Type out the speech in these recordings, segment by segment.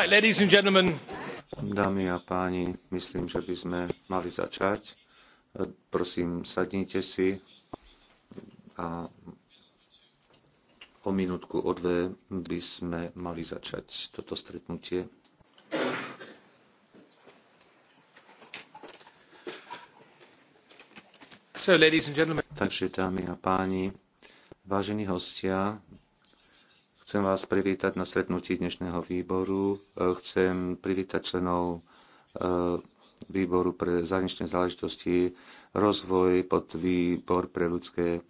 Right, ladies and gentlemen. Dámy a páni, myslím, že by sme mali začať. Prosím, sadnite si a o minútku, o dve by sme mali začať toto stretnutie. So, ladies and gentlemen. Takže, dámy a páni, vážení hostia, Chcem vás privítať na stretnutí dnešného výboru. E, chcem privítať členov e, výboru pre zahraničné záležitosti, rozvoj pod výbor pre ľudské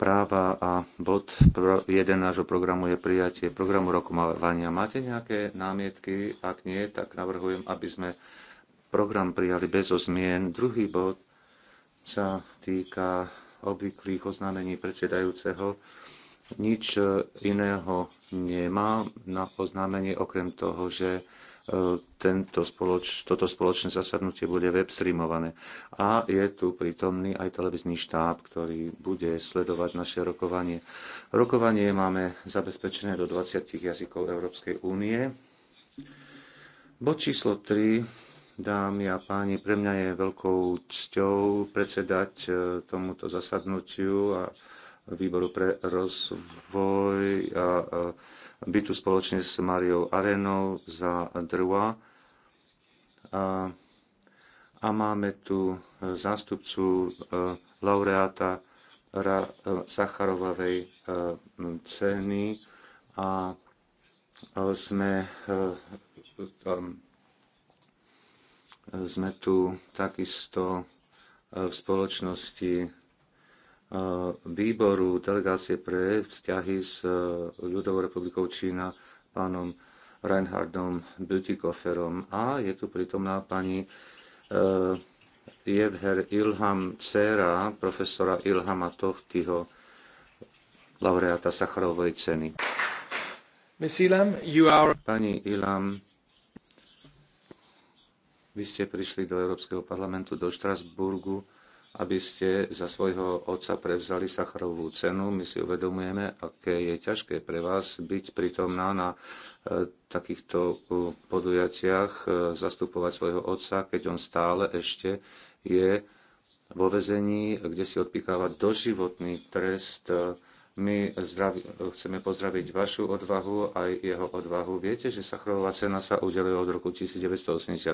práva a bod 1 nášho programu je prijatie programu rokovania. Máte nejaké námietky? Ak nie, tak navrhujem, aby sme program prijali bez zmien. Druhý bod sa týka obvyklých oznámení predsedajúceho nič e, iného nemá na oznámenie, okrem toho, že e, tento spoloč, toto spoločné zasadnutie bude web streamované. A je tu prítomný aj televízny štáb, ktorý bude sledovať naše rokovanie. Rokovanie máme zabezpečené do 20 jazykov Európskej únie. Bod číslo 3, dámy a páni, pre mňa je veľkou cťou predsedať e, tomuto zasadnutiu a výboru pre rozvoj a bytu spoločne s Mariou Arenou za druhá A, a máme tu zástupcu e, laureáta e, Sacharovavej e, ceny a sme sme tu takisto v spoločnosti výboru delegácie pre vzťahy s e, ľudovou republikou Čína pánom Reinhardom Butikoferom a je tu prítomná pani e, Jevher Ilham, Cera, profesora Ilhama Tohtyho, laureáta Sacharovej ceny. Ilham, are... Pani Ilham, vy ste prišli do Európskeho parlamentu do Štrasburgu aby ste za svojho otca prevzali Sacharovú cenu. My si uvedomujeme, aké je ťažké pre vás byť pritomná na e, takýchto e, podujatiach, e, zastupovať svojho otca, keď on stále ešte je vo vezení, kde si odpikáva doživotný trest. My zdraví, chceme pozdraviť vašu odvahu aj jeho odvahu. Viete, že Sacharová cena sa udeluje od roku 1988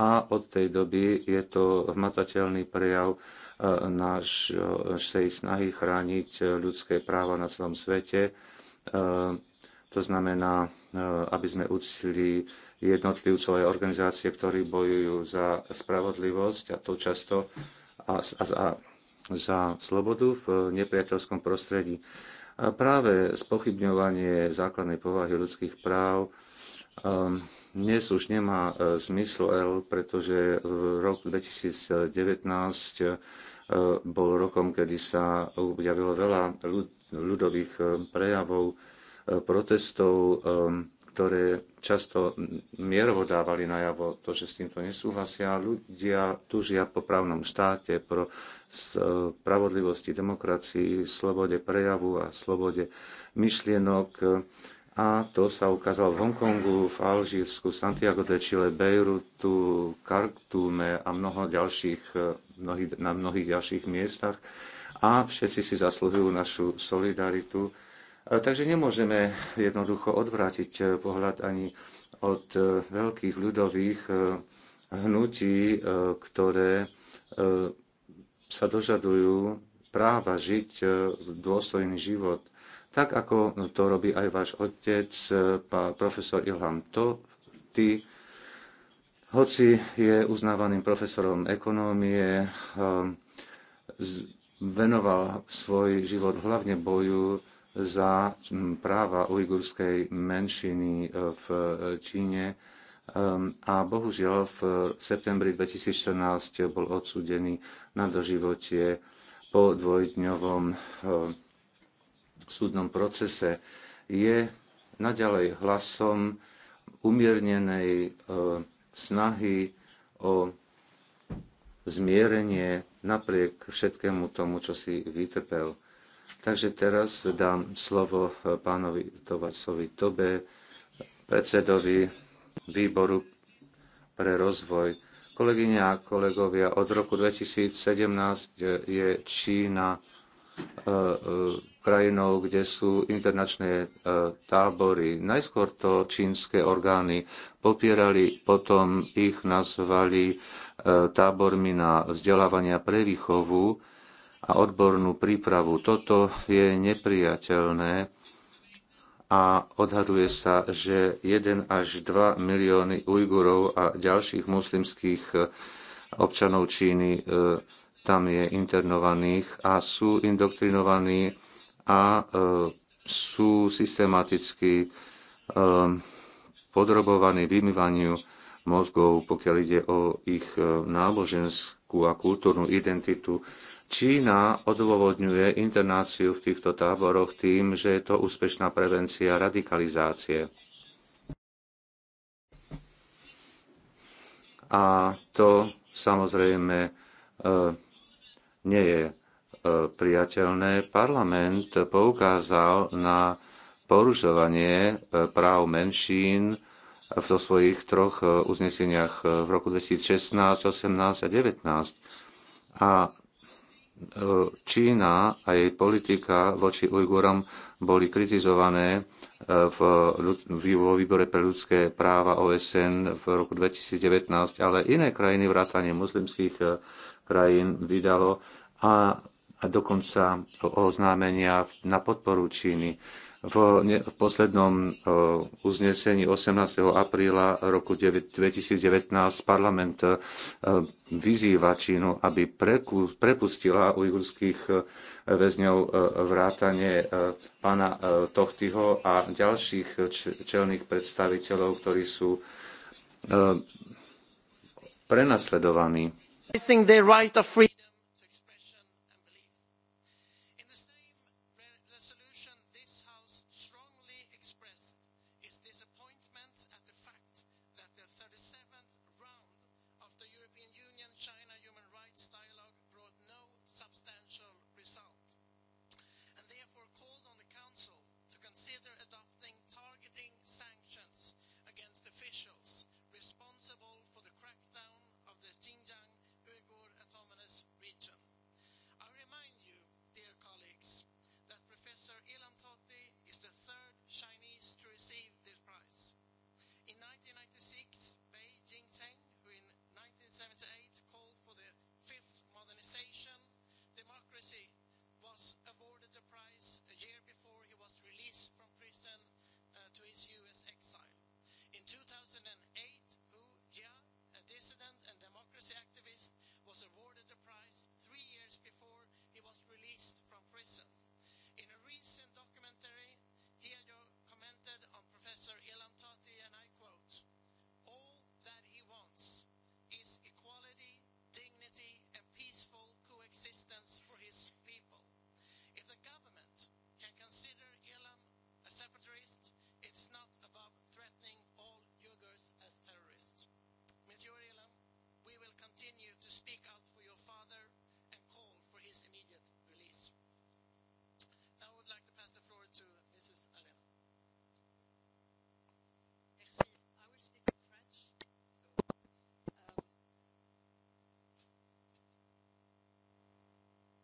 a od tej doby je to hmatateľný prejav e, e, našej snahy chrániť e, ľudské práva na celom svete. To znamená, aby sme uctili jednotlivcov aj organizácie, ktorí bojujú za spravodlivosť a to často a, a, a za slobodu v nepriateľskom prostredí. A práve spochybňovanie základnej povahy ľudských práv um, dnes už nemá e, zmysel, pretože rok 2019 e, bol rokom, kedy sa objavilo veľa ľudových e, prejavov, protestov, ktoré často mierovo dávali najavo to, že s týmto nesúhlasia. Ľudia tužia po právnom štáte, pro spravodlivosti, demokracii, slobode prejavu a slobode myšlienok a to sa ukázalo v Hongkongu, v Alžírsku, Santiago de Chile, Beirutu, Kartume a mnoho ďalších, e, mnohých, na mnohých ďalších miestach. A všetci si zasluhujú našu solidaritu. E, takže nemôžeme jednoducho odvrátiť e, pohľad ani od veľkých ľudových hnutí, ktoré sa dožadujú práva žiť dôstojný život tak ako to robí aj váš otec, e, pán profesor Ilham Toti, hoci je uznávaným profesorom ekonómie, e, venoval svoj život hlavne boju za práva ujgurskej menšiny e, v Číne a bohužiaľ v septembri 2014 bol odsúdený na doživotie po dvojdňovom súdnom procese je naďalej hlasom umiernenej e, snahy o zmierenie napriek všetkému tomu, čo si vytrpel. Takže teraz dám slovo e, pánovi Tovacovi Tobe, predsedovi výboru pre rozvoj. Kolegyne a kolegovia, od roku 2017 e, je Čína krajinou, kde sú internačné e, tábory. Najskôr to čínske orgány popierali, potom ich nazvali e, tábormi na vzdelávania pre výchovu a odbornú prípravu. Toto je nepriateľné a odhaduje sa, že 1 až 2 milióny Ujgurov a ďalších muslimských e, občanov Číny tam je internovaných a sú indoktrinovaní a e, sú systematicky e, podrobovaní vymývaniu mozgov, pokiaľ ide o ich e, náboženskú a kultúrnu identitu. Čína odôvodňuje internáciu v týchto táboroch tým, že je to úspešná prevencia radikalizácie. A to samozrejme nie je priateľné. Parlament poukázal na porušovanie e, práv menšín v to svojich troch e, uzneseniach e, v roku 2016, 18 a 19. A Čína a jej politika voči Ujgurom boli kritizované vo výbore pre ľudské práva OSN v roku 2019, ale iné krajiny vrátanie muslimských krajín vydalo a a dokonca oznámenia na podporu Číny. V, poslednom e, uznesení 18. apríla roku 2019 parlament e, vyzýva Čínu, aby prepustila ujgurských e, väzňov vrátane pána Tochtyho a ďalších čelných predstaviteľov, ktorí sú prenasledovaní.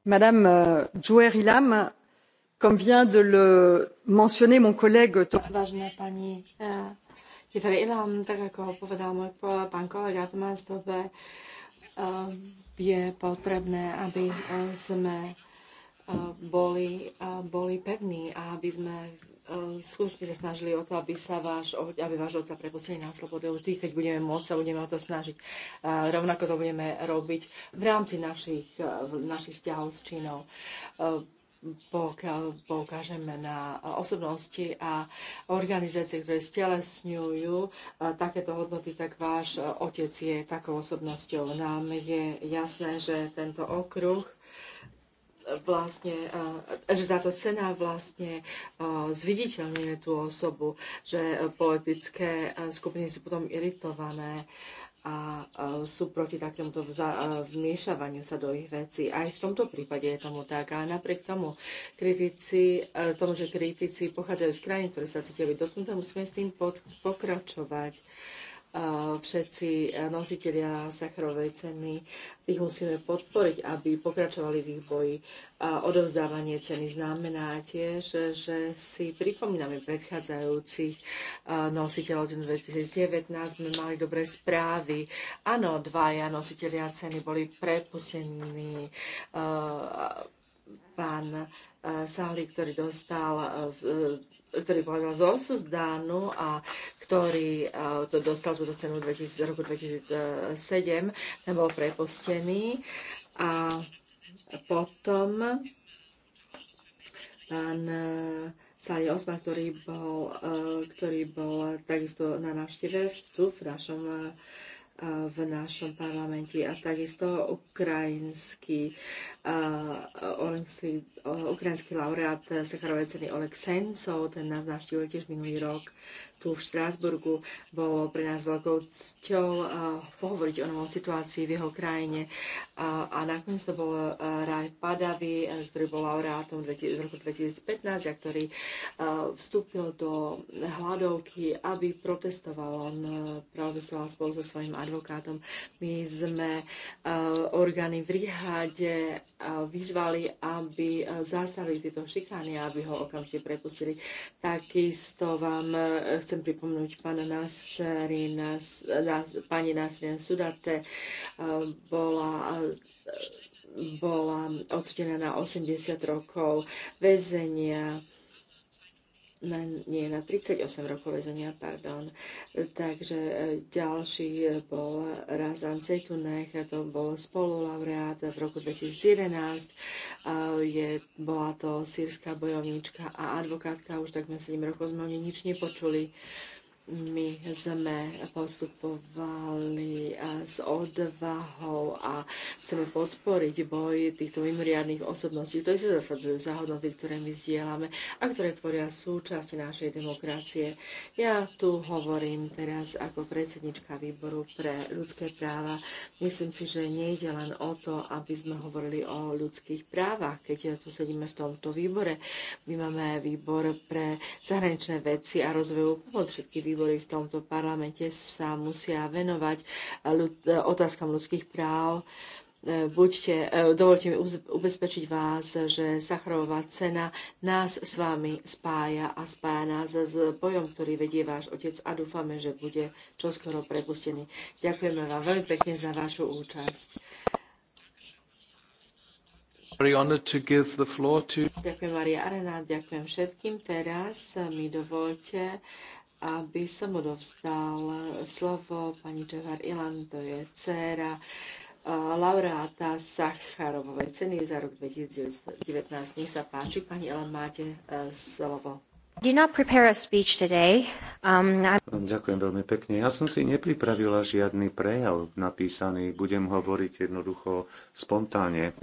Madame euh, Jouer Ilam, comme vient de le mentionner mon collègue pani eh, eh, je potrebné, aby eh, sme boli, boli pevní a aby sme Ehm, služby sa snažili o to, aby sa váš, aby váš otca prepustili na slobodu vždy, keď budeme môcť sa budeme o to snažiť. Rovnako to budeme robiť v rámci našich, e, našich vzťahov s Čínou ehm, poukážeme na osobnosti a organizácie, ktoré stelesňujú e, takéto hodnoty, tak váš e, otec je takou osobnosťou. Nám je jasné, že tento okruh vlastne, e, že táto cena vlastne e, zviditeľňuje tú osobu, že politické e, skupiny sú potom iritované a sú proti takémuto vmiešavaniu sa do ich vecí. Aj v tomto prípade je tomu tak. A napriek tomu, kritici, tomu, že kritici pochádzajú z krajín, ktoré sa cítia byť dotknuté, musíme s tým pokračovať všetci nositeľia Sacharovej ceny, tých musíme podporiť, aby pokračovali v ich boji. Odovzdávanie ceny znamená tiež, že si pripomíname predchádzajúcich nositeľov z 2019. Sme mali dobré správy. Áno, dvaja nositeľia ceny boli prepustení pán Sahli, ktorý dostal ktorý pochádzal z Suzdánu a ktorý to dostal túto cenu v roku 2007, ten bol prepustený a potom pán e, Sali Osma, ktorý bol, e, ktorý bol takisto na návšteve tu v našom e, v našom parlamente a takisto ukrajinský Olenský, ukrajinský laureát e, Sacharovej ceny Oleg Sencov, ten nás navštívil tiež minulý rok tu v Štrásburgu. Bolo pre nás veľkou cťou e, pohovoriť o novom situácii v jeho krajine. A nakoniec to bol e, Raj Padavy, ktorý bol laureátom v roku 2015 a ktorý vstúpil do hladovky, aby protestoval. On protestoval spolu so svojím advokátom. My sme orgány v Rihade vyzvali, aby e, zastali tieto šikány a aby ho okamžite prepustili. Takisto vám e, chcem pripomnúť pána Nasrina, nás, e, pani Nasrina Sudate, bola bola odsudená na 80 rokov väzenia na, nie, na 38 rokov väzenia, pardon. Takže e, ďalší e, bol Razan Cejtunek, to bol spolulaureát v roku 2011. Je, bola to sírska bojovníčka a advokátka, už takmer 7 rokov sme o nej nič nepočuli my sme postupovali eh, s odvahou a chceme podporiť boj týchto mimoriadných osobností, ktoré sa zasadzujú za hodnoty, ktoré my zdieľame a ktoré tvoria súčasť našej demokracie. Ja tu hovorím teraz ako predsednička výboru pre ľudské práva. Myslím si, že nejde len o to, aby sme hovorili o ľudských právach, keď ja tu sedíme v tomto výbore. My máme výbor pre zahraničné veci a rozvoju pomoc všetkých výborov výbory v tomto parlamente sa musia venovať otázkam ľudských práv. E, buďte, e, dovolte mi ubezpečiť vás, že Sacharová cena nás s vami spája a spája nás s bojom, ktorý vedie váš otec a dúfame, že bude čoskoro prepustený. Ďakujeme vám veľmi pekne za vašu účasť. Ďakujem Maria Arena, ďakujem všetkým. Teraz mi dovolte aby som odovzdal slovo pani Džovar Ilan, to je dcéra eh, laureáta Sacharovovej ceny za rok 2019. Nech sa páči, pani Ilan, máte eh, slovo. Today, um, I... Ďakujem veľmi pekne. Ja som si nepripravila žiadny prejav napísaný. Budem hovoriť jednoducho spontáne.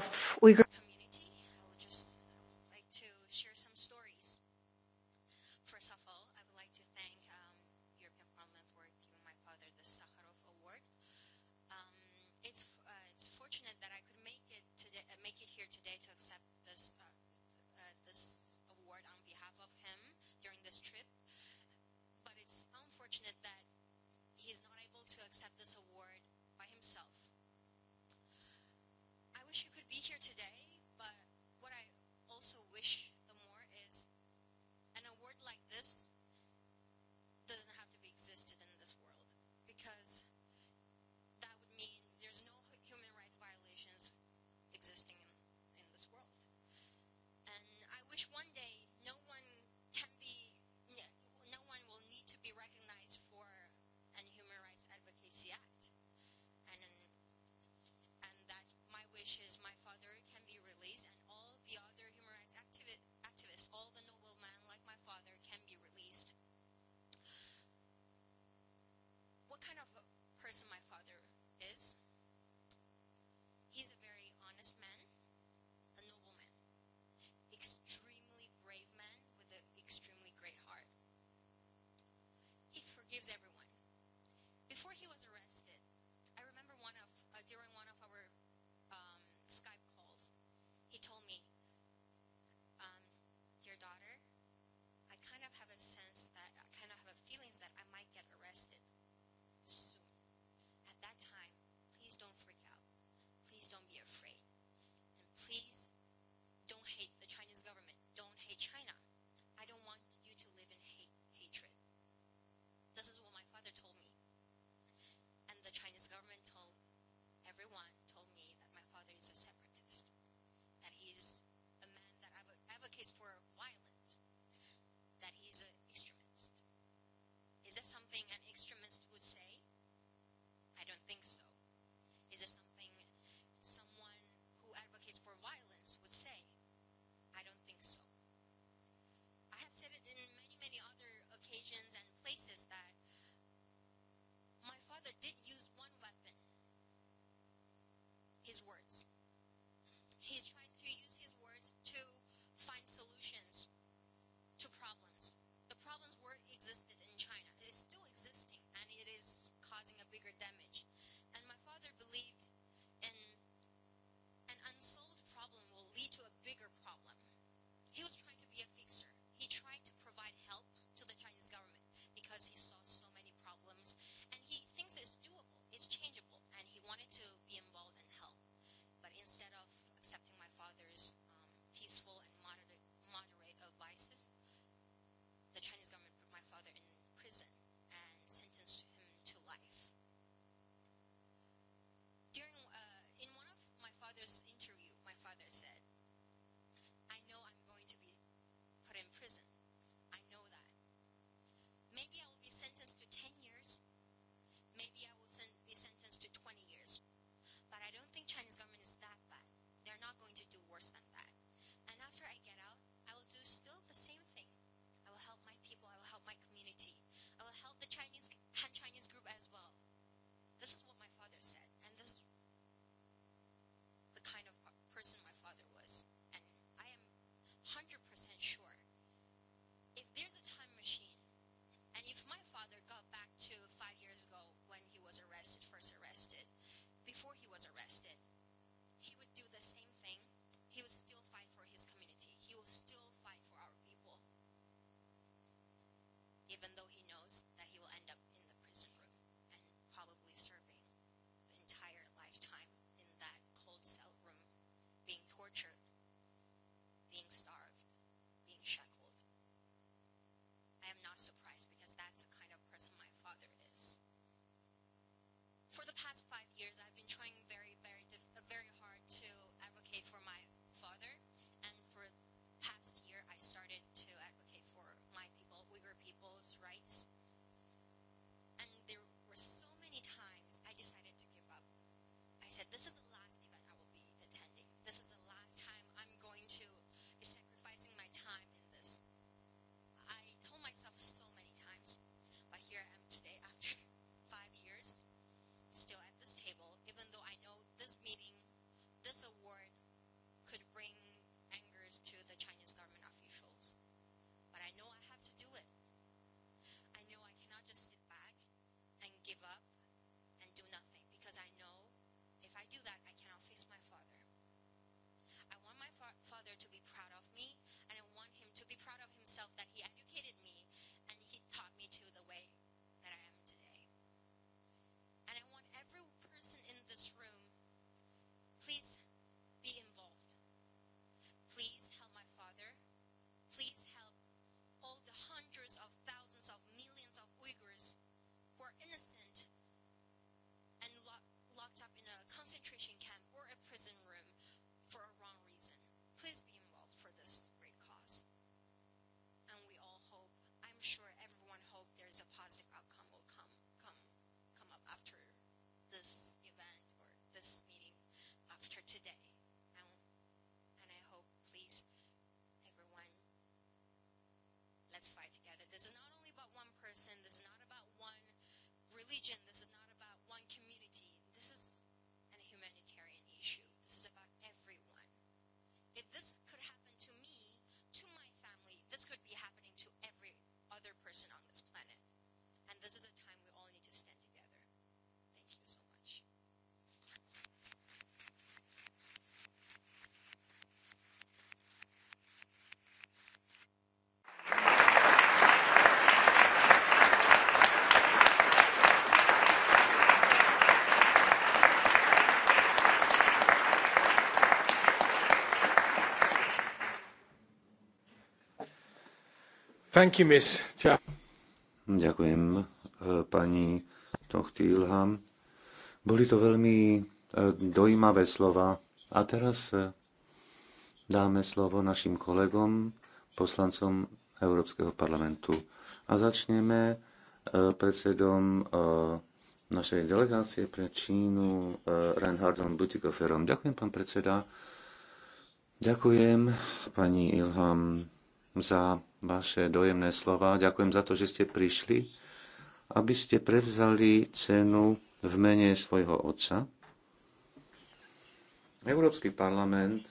religion. This is Thank you, miss. Ča. Ďakujem, eh, pani Tochtilham. Boli to veľmi eh, dojímavé slova. A teraz eh, dáme slovo našim kolegom, poslancom Európskeho parlamentu. A začneme predsedom našej delegácie pre Čínu Reinhardom Butikoferom. Ďakujem, pán predseda. Ďakujem, pani Ilham za vaše dojemné slova. Ďakujem za to, že ste prišli, aby ste prevzali cenu v mene svojho otca. Európsky parlament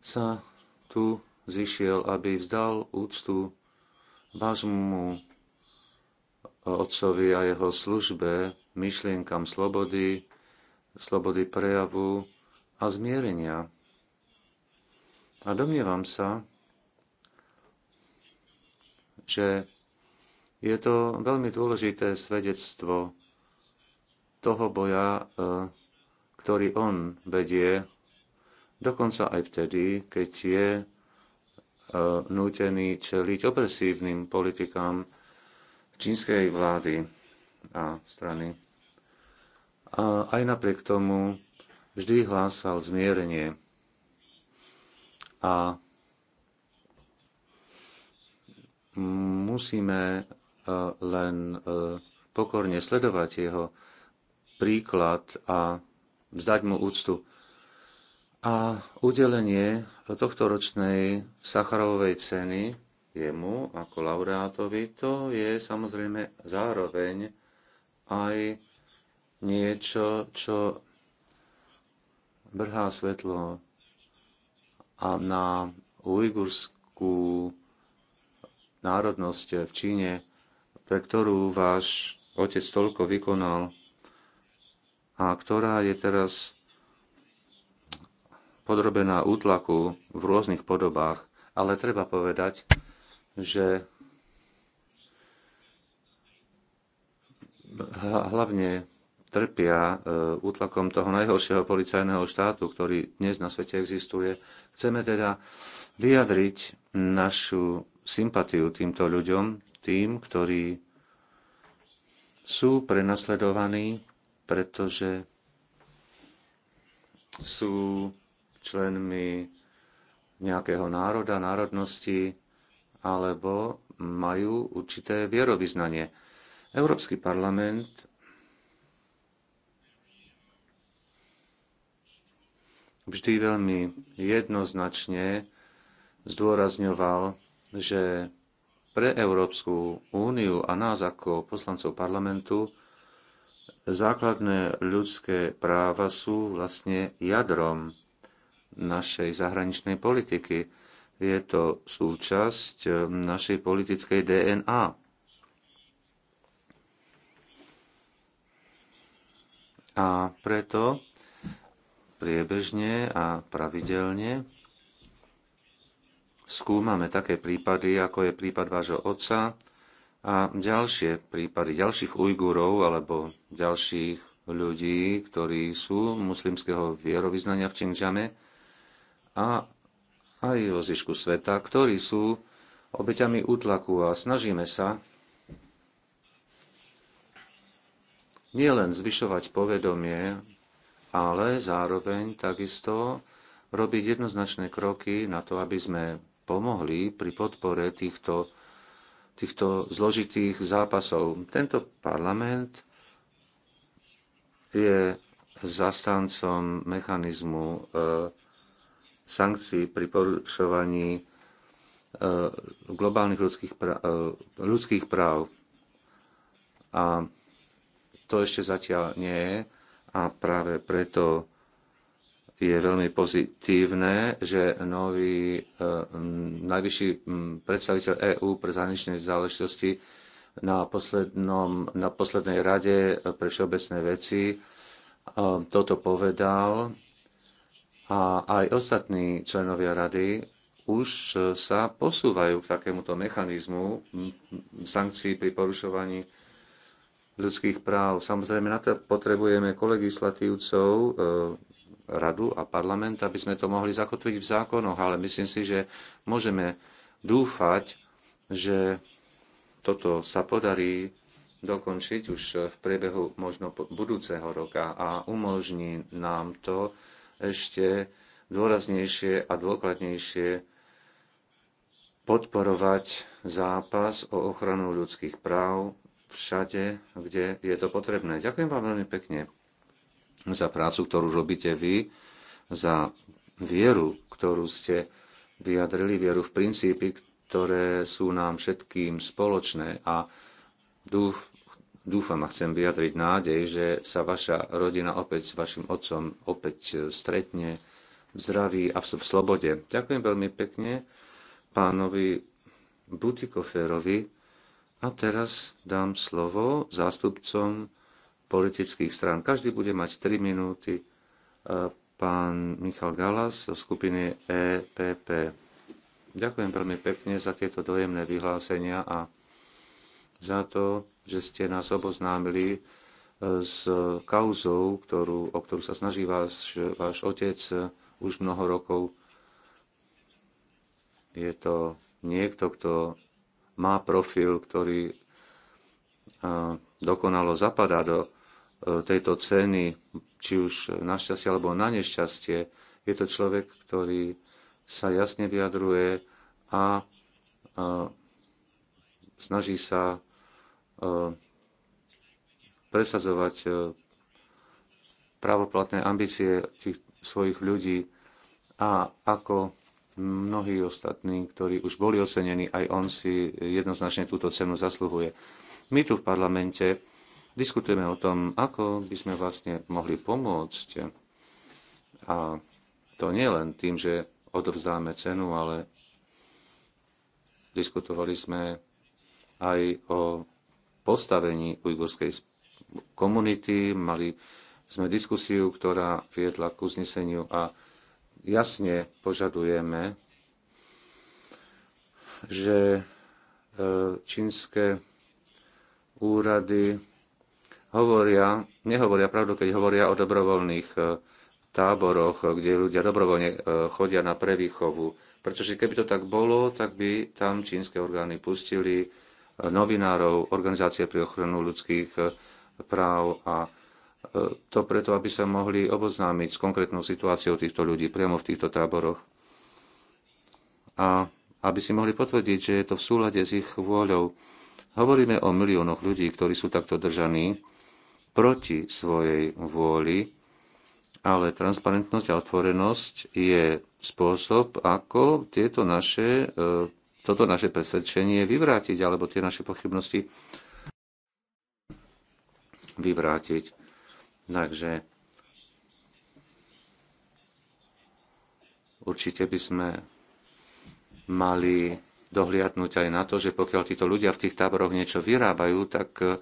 sa tu zišiel, aby vzdal úctu vášmu otcovi a jeho službe, myšlienkam slobody, slobody prejavu a zmierenia. A domnievam sa, že je to veľmi dôležité svedectvo toho boja, e, ktorý on vedie, dokonca aj vtedy, keď je e, nútený čeliť opresívnym politikám čínskej vlády a strany. A aj napriek tomu vždy hlásal zmierenie a musíme e, len e, pokorne sledovať jeho príklad a vzdať mu úctu. A udelenie tohto ročnej Sacharovej ceny jemu ako laureátovi, to je samozrejme zároveň aj niečo, čo brhá svetlo a na ujgurskú národnosť v Číne, pre ktorú váš otec toľko vykonal a ktorá je teraz podrobená útlaku v rôznych podobách. Ale treba povedať, že hlavne trpia e, útlakom toho najhoršieho policajného štátu, ktorý dnes na svete existuje. Chceme teda vyjadriť našu sympatiu týmto ľuďom, tým, ktorí sú prenasledovaní, pretože sú členmi nejakého národa, národnosti alebo majú určité vierovýznanie. Európsky parlament vždy veľmi jednoznačne zdôrazňoval že pre Európsku úniu a nás ako poslancov parlamentu základné ľudské práva sú vlastne jadrom našej zahraničnej politiky. Je to súčasť eh, našej politickej DNA. A preto priebežne a pravidelne skúmame také prípady, ako je prípad vášho otca a ďalšie prípady ďalších Ujgurov alebo ďalších ľudí, ktorí sú muslimského vierovýznania v Čingžame a aj vo zišku sveta, ktorí sú obeťami útlaku a snažíme sa nielen zvyšovať povedomie, ale zároveň takisto robiť jednoznačné kroky na to, aby sme pomohli pri podpore týchto, týchto zložitých zápasov. Tento parlament je zastancom mechanizmu e, sankcií pri porušovaní e, globálnych ľudských, práv, e, ľudských práv. A to ešte zatiaľ nie je a práve preto je veľmi pozitívne, že nový e, najvyšší predstaviteľ EÚ pre zahraničné záležitosti na, poslednom, na poslednej rade pre všeobecné veci e, toto povedal a aj ostatní členovia rady už sa posúvajú k takémuto mechanizmu sankcií pri porušovaní ľudských práv. Samozrejme, na to potrebujeme kolegislatívcov, e, radu a parlament, aby sme to mohli zakotviť v zákonoch, ale myslím si, že môžeme dúfať, že toto sa podarí dokončiť už v priebehu možno budúceho roka a umožní nám to ešte dôraznejšie a dôkladnejšie podporovať zápas o ochranu ľudských práv všade, kde je to potrebné. Ďakujem vám veľmi pekne za prácu, ktorú robíte vy, za vieru, ktorú ste vyjadrili, vieru v princípy, ktoré sú nám všetkým spoločné a dúf, dúfam a chcem vyjadriť nádej, že sa vaša rodina opäť s vašim otcom opäť stretne v zdraví a v, v slobode. Ďakujem veľmi pekne pánovi Butikoferovi a teraz dám slovo zástupcom politických strán. Každý bude mať 3 minúty. E, pán Michal Galas zo skupiny EPP. Ďakujem veľmi pekne za tieto dojemné vyhlásenia a za to, že ste nás oboznámili e, s kauzou, ktorú, o ktorú sa snaží váš, váš otec už mnoho rokov. Je to niekto, kto má profil, ktorý e, dokonalo zapadá do E, tejto ceny, či už našťastie alebo na nešťastie. Je to človek, ktorý sa jasne vyjadruje a e, snaží sa e, presadzovať právoplatné ambície tých svojich ľudí a ako mnohí ostatní, ktorí už boli ocenení, aj on si jednoznačne túto cenu zasluhuje. My tu v parlamente Diskutujeme o tom, ako by sme vlastne mohli pomôcť. A to nie len tým, že odovzdáme cenu, ale diskutovali sme aj o postavení ujgurskej komunity. Mali sme diskusiu, ktorá viedla k uzneseniu a jasne požadujeme, že e, čínske úrady hovoria, nehovoria pravdu, keď hovoria o dobrovoľných e, táboroch, e, kde ľudia dobrovoľne e, chodia na prevýchovu. Pretože keby to tak bolo, tak by tam čínske orgány pustili novinárov, organizácie pri ochranu ľudských práv a to preto, aby sa mohli oboznámiť s konkrétnou situáciou týchto ľudí priamo v týchto táboroch. A aby si mohli potvrdiť, že je to v súlade s ich vôľou. Hovoríme o miliónoch ľudí, ktorí sú takto držaní proti svojej vôli, ale transparentnosť a otvorenosť je spôsob, ako tieto naše, e, toto naše presvedčenie vyvrátiť, alebo tie naše pochybnosti vyvrátiť. Takže určite by sme mali dohliadnúť aj na to, že pokiaľ títo ľudia v tých táboroch niečo vyrábajú, tak e,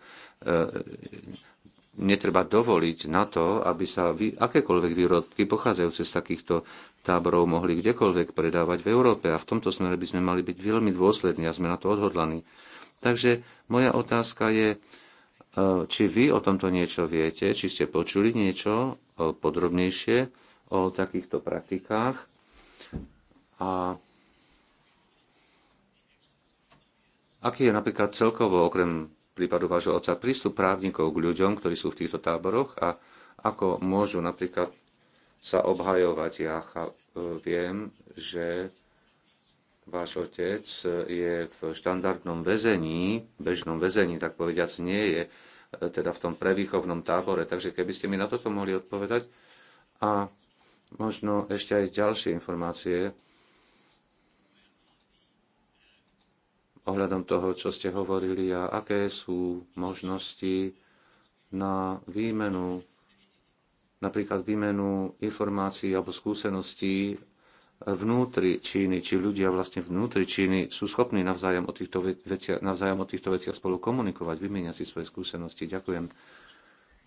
netreba dovoliť na to, aby sa vy, akékoľvek výrobky pochádzajúce z takýchto táborov mohli kdekoľvek predávať v Európe. A v tomto smere by sme mali byť veľmi dôslední a sme na to odhodlaní. Takže moja otázka je, e, či vy o tomto niečo viete, či ste počuli niečo e, podrobnejšie o takýchto praktikách. A aký je napríklad celkovo, okrem prípadu vášho otca prístup právnikov k ľuďom, ktorí sú v týchto táboroch a ako môžu napríklad sa obhajovať. Ja e, viem, že váš otec e, je v štandardnom väzení, bežnom väzení, tak povediac, nie je e, teda v tom prevýchovnom tábore. Takže keby ste mi na toto mohli odpovedať a možno ešte aj ďalšie informácie, ohľadom toho, čo ste hovorili a aké sú možnosti na výmenu, napríklad výmenu informácií alebo skúseností vnútri Číny, či ľudia vlastne vnútri Číny sú schopní navzájom o týchto veciach, navzájom o týchto veciach spolu komunikovať, vymieňať si svoje skúsenosti. Ďakujem.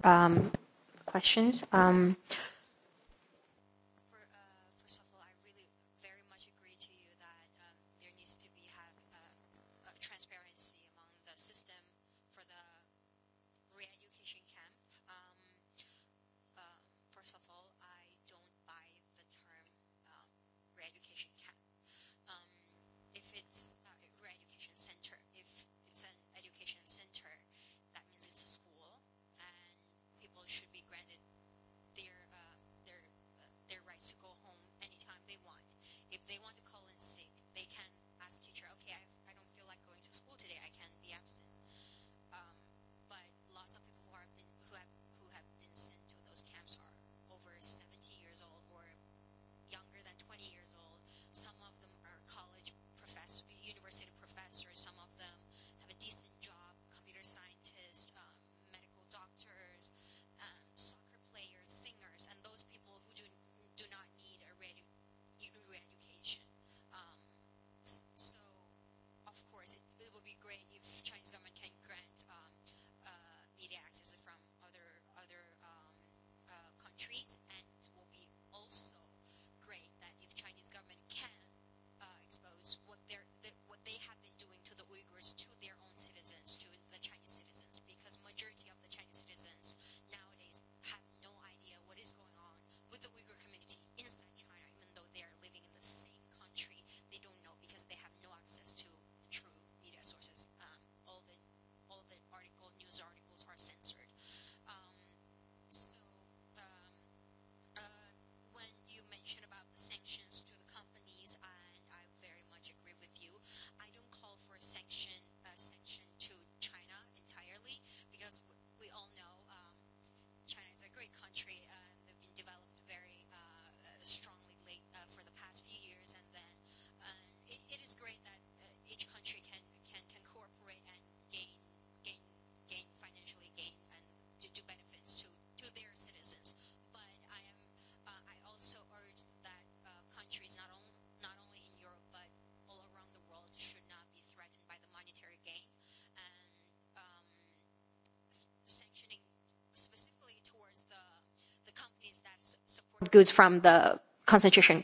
Um, questions. Um, goods from the concentration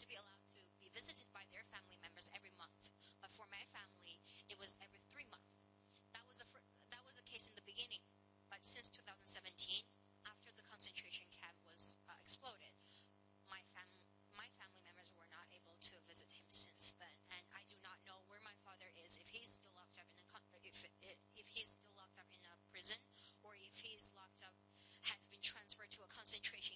to be allowed to be visited by their family members every month. But for my family, it was every three months. That was the fir- that was the case in the beginning, but since 2017, after the concentration camp was uh, exploded, my family my family members were not able to visit him since then, and I do not know where my father is. If he's still locked up in a con if if he's still locked up in a prison, or if he's locked up has been transferred to a concentration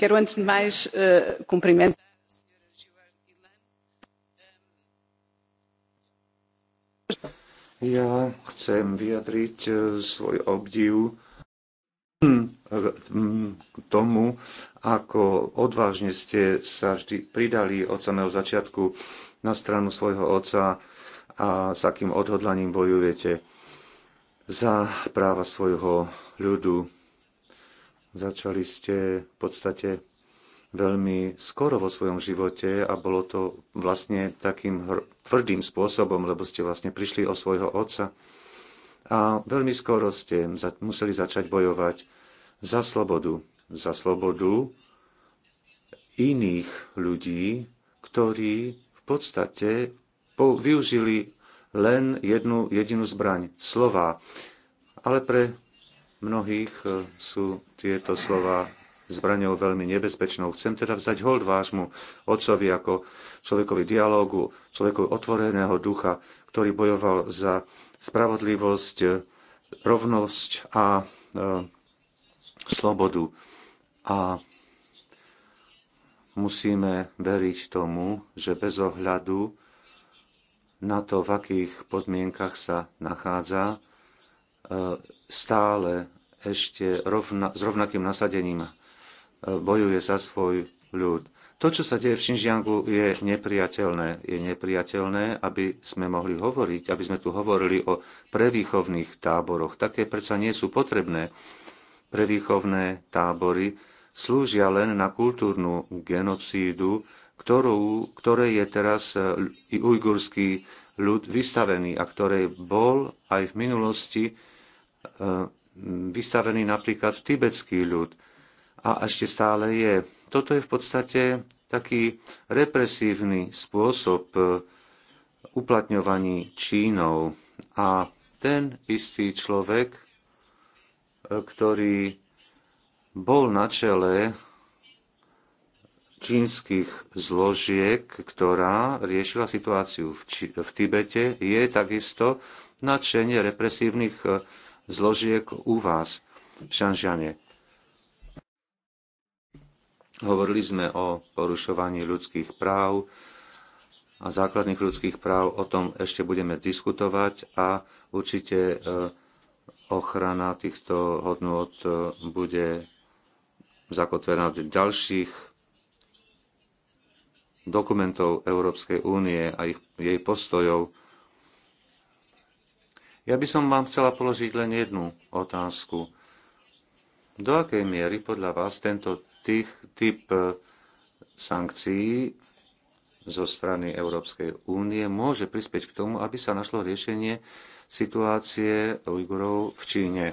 Quero, antes de mais, uh, cumprimentar Ja chcem vyjadriť eh, svoj obdiv k hm, eh, tomu, ako odvážne ste sa vždy pridali od samého začiatku na stranu svojho otca a s akým odhodlaním bojujete za práva svojho ľudu Začali ste v podstate veľmi skoro vo svojom živote a bolo to vlastne takým tvrdým spôsobom, lebo ste vlastne prišli o svojho otca a veľmi skoro ste museli začať bojovať za slobodu, za slobodu iných ľudí, ktorí v podstate využili len jednu jedinú zbraň, slova. Ale pre mnohých e, sú tieto slova zbraňou veľmi nebezpečnou. Chcem teda vzdať hold vášmu otcovi ako človekovi dialógu, človekovi otvoreného ducha, ktorý bojoval za spravodlivosť, rovnosť a e, slobodu. A musíme veriť tomu, že bez ohľadu na to, v akých podmienkach sa nachádza, e, stále ešte rovna, s rovnakým nasadením e, bojuje za svoj ľud. To, čo sa deje v Xinjiangu, je nepriateľné. Je nepriateľné, aby sme mohli hovoriť, aby sme tu hovorili o prevýchovných táboroch. Také predsa nie sú potrebné. Prevýchovné tábory slúžia len na kultúrnu genocídu, ktorú, ktoré je teraz e, i ujgurský ľud vystavený a ktorej bol aj v minulosti E, vystavený napríklad tibetský ľud a ešte stále je. Toto je v podstate taký represívny spôsob e, uplatňovaní Čínov. A ten istý človek, e, ktorý bol na čele čínskych zložiek, ktorá riešila situáciu v, Či- v Tibete, je takisto na čene represívnych zložiek u vás v Šanžane. Hovorili sme o porušovaní ľudských práv a základných ľudských práv. O tom ešte budeme diskutovať a určite e, ochrana týchto hodnôt e, bude zakotvená v ďalších dokumentov Európskej únie a ich, jej postojov ja by som vám chcela položiť len jednu otázku. Do akej miery podľa vás tento tých, typ e, sankcií zo strany Európskej únie môže prispieť k tomu, aby sa našlo riešenie situácie Ujgurov v Číne?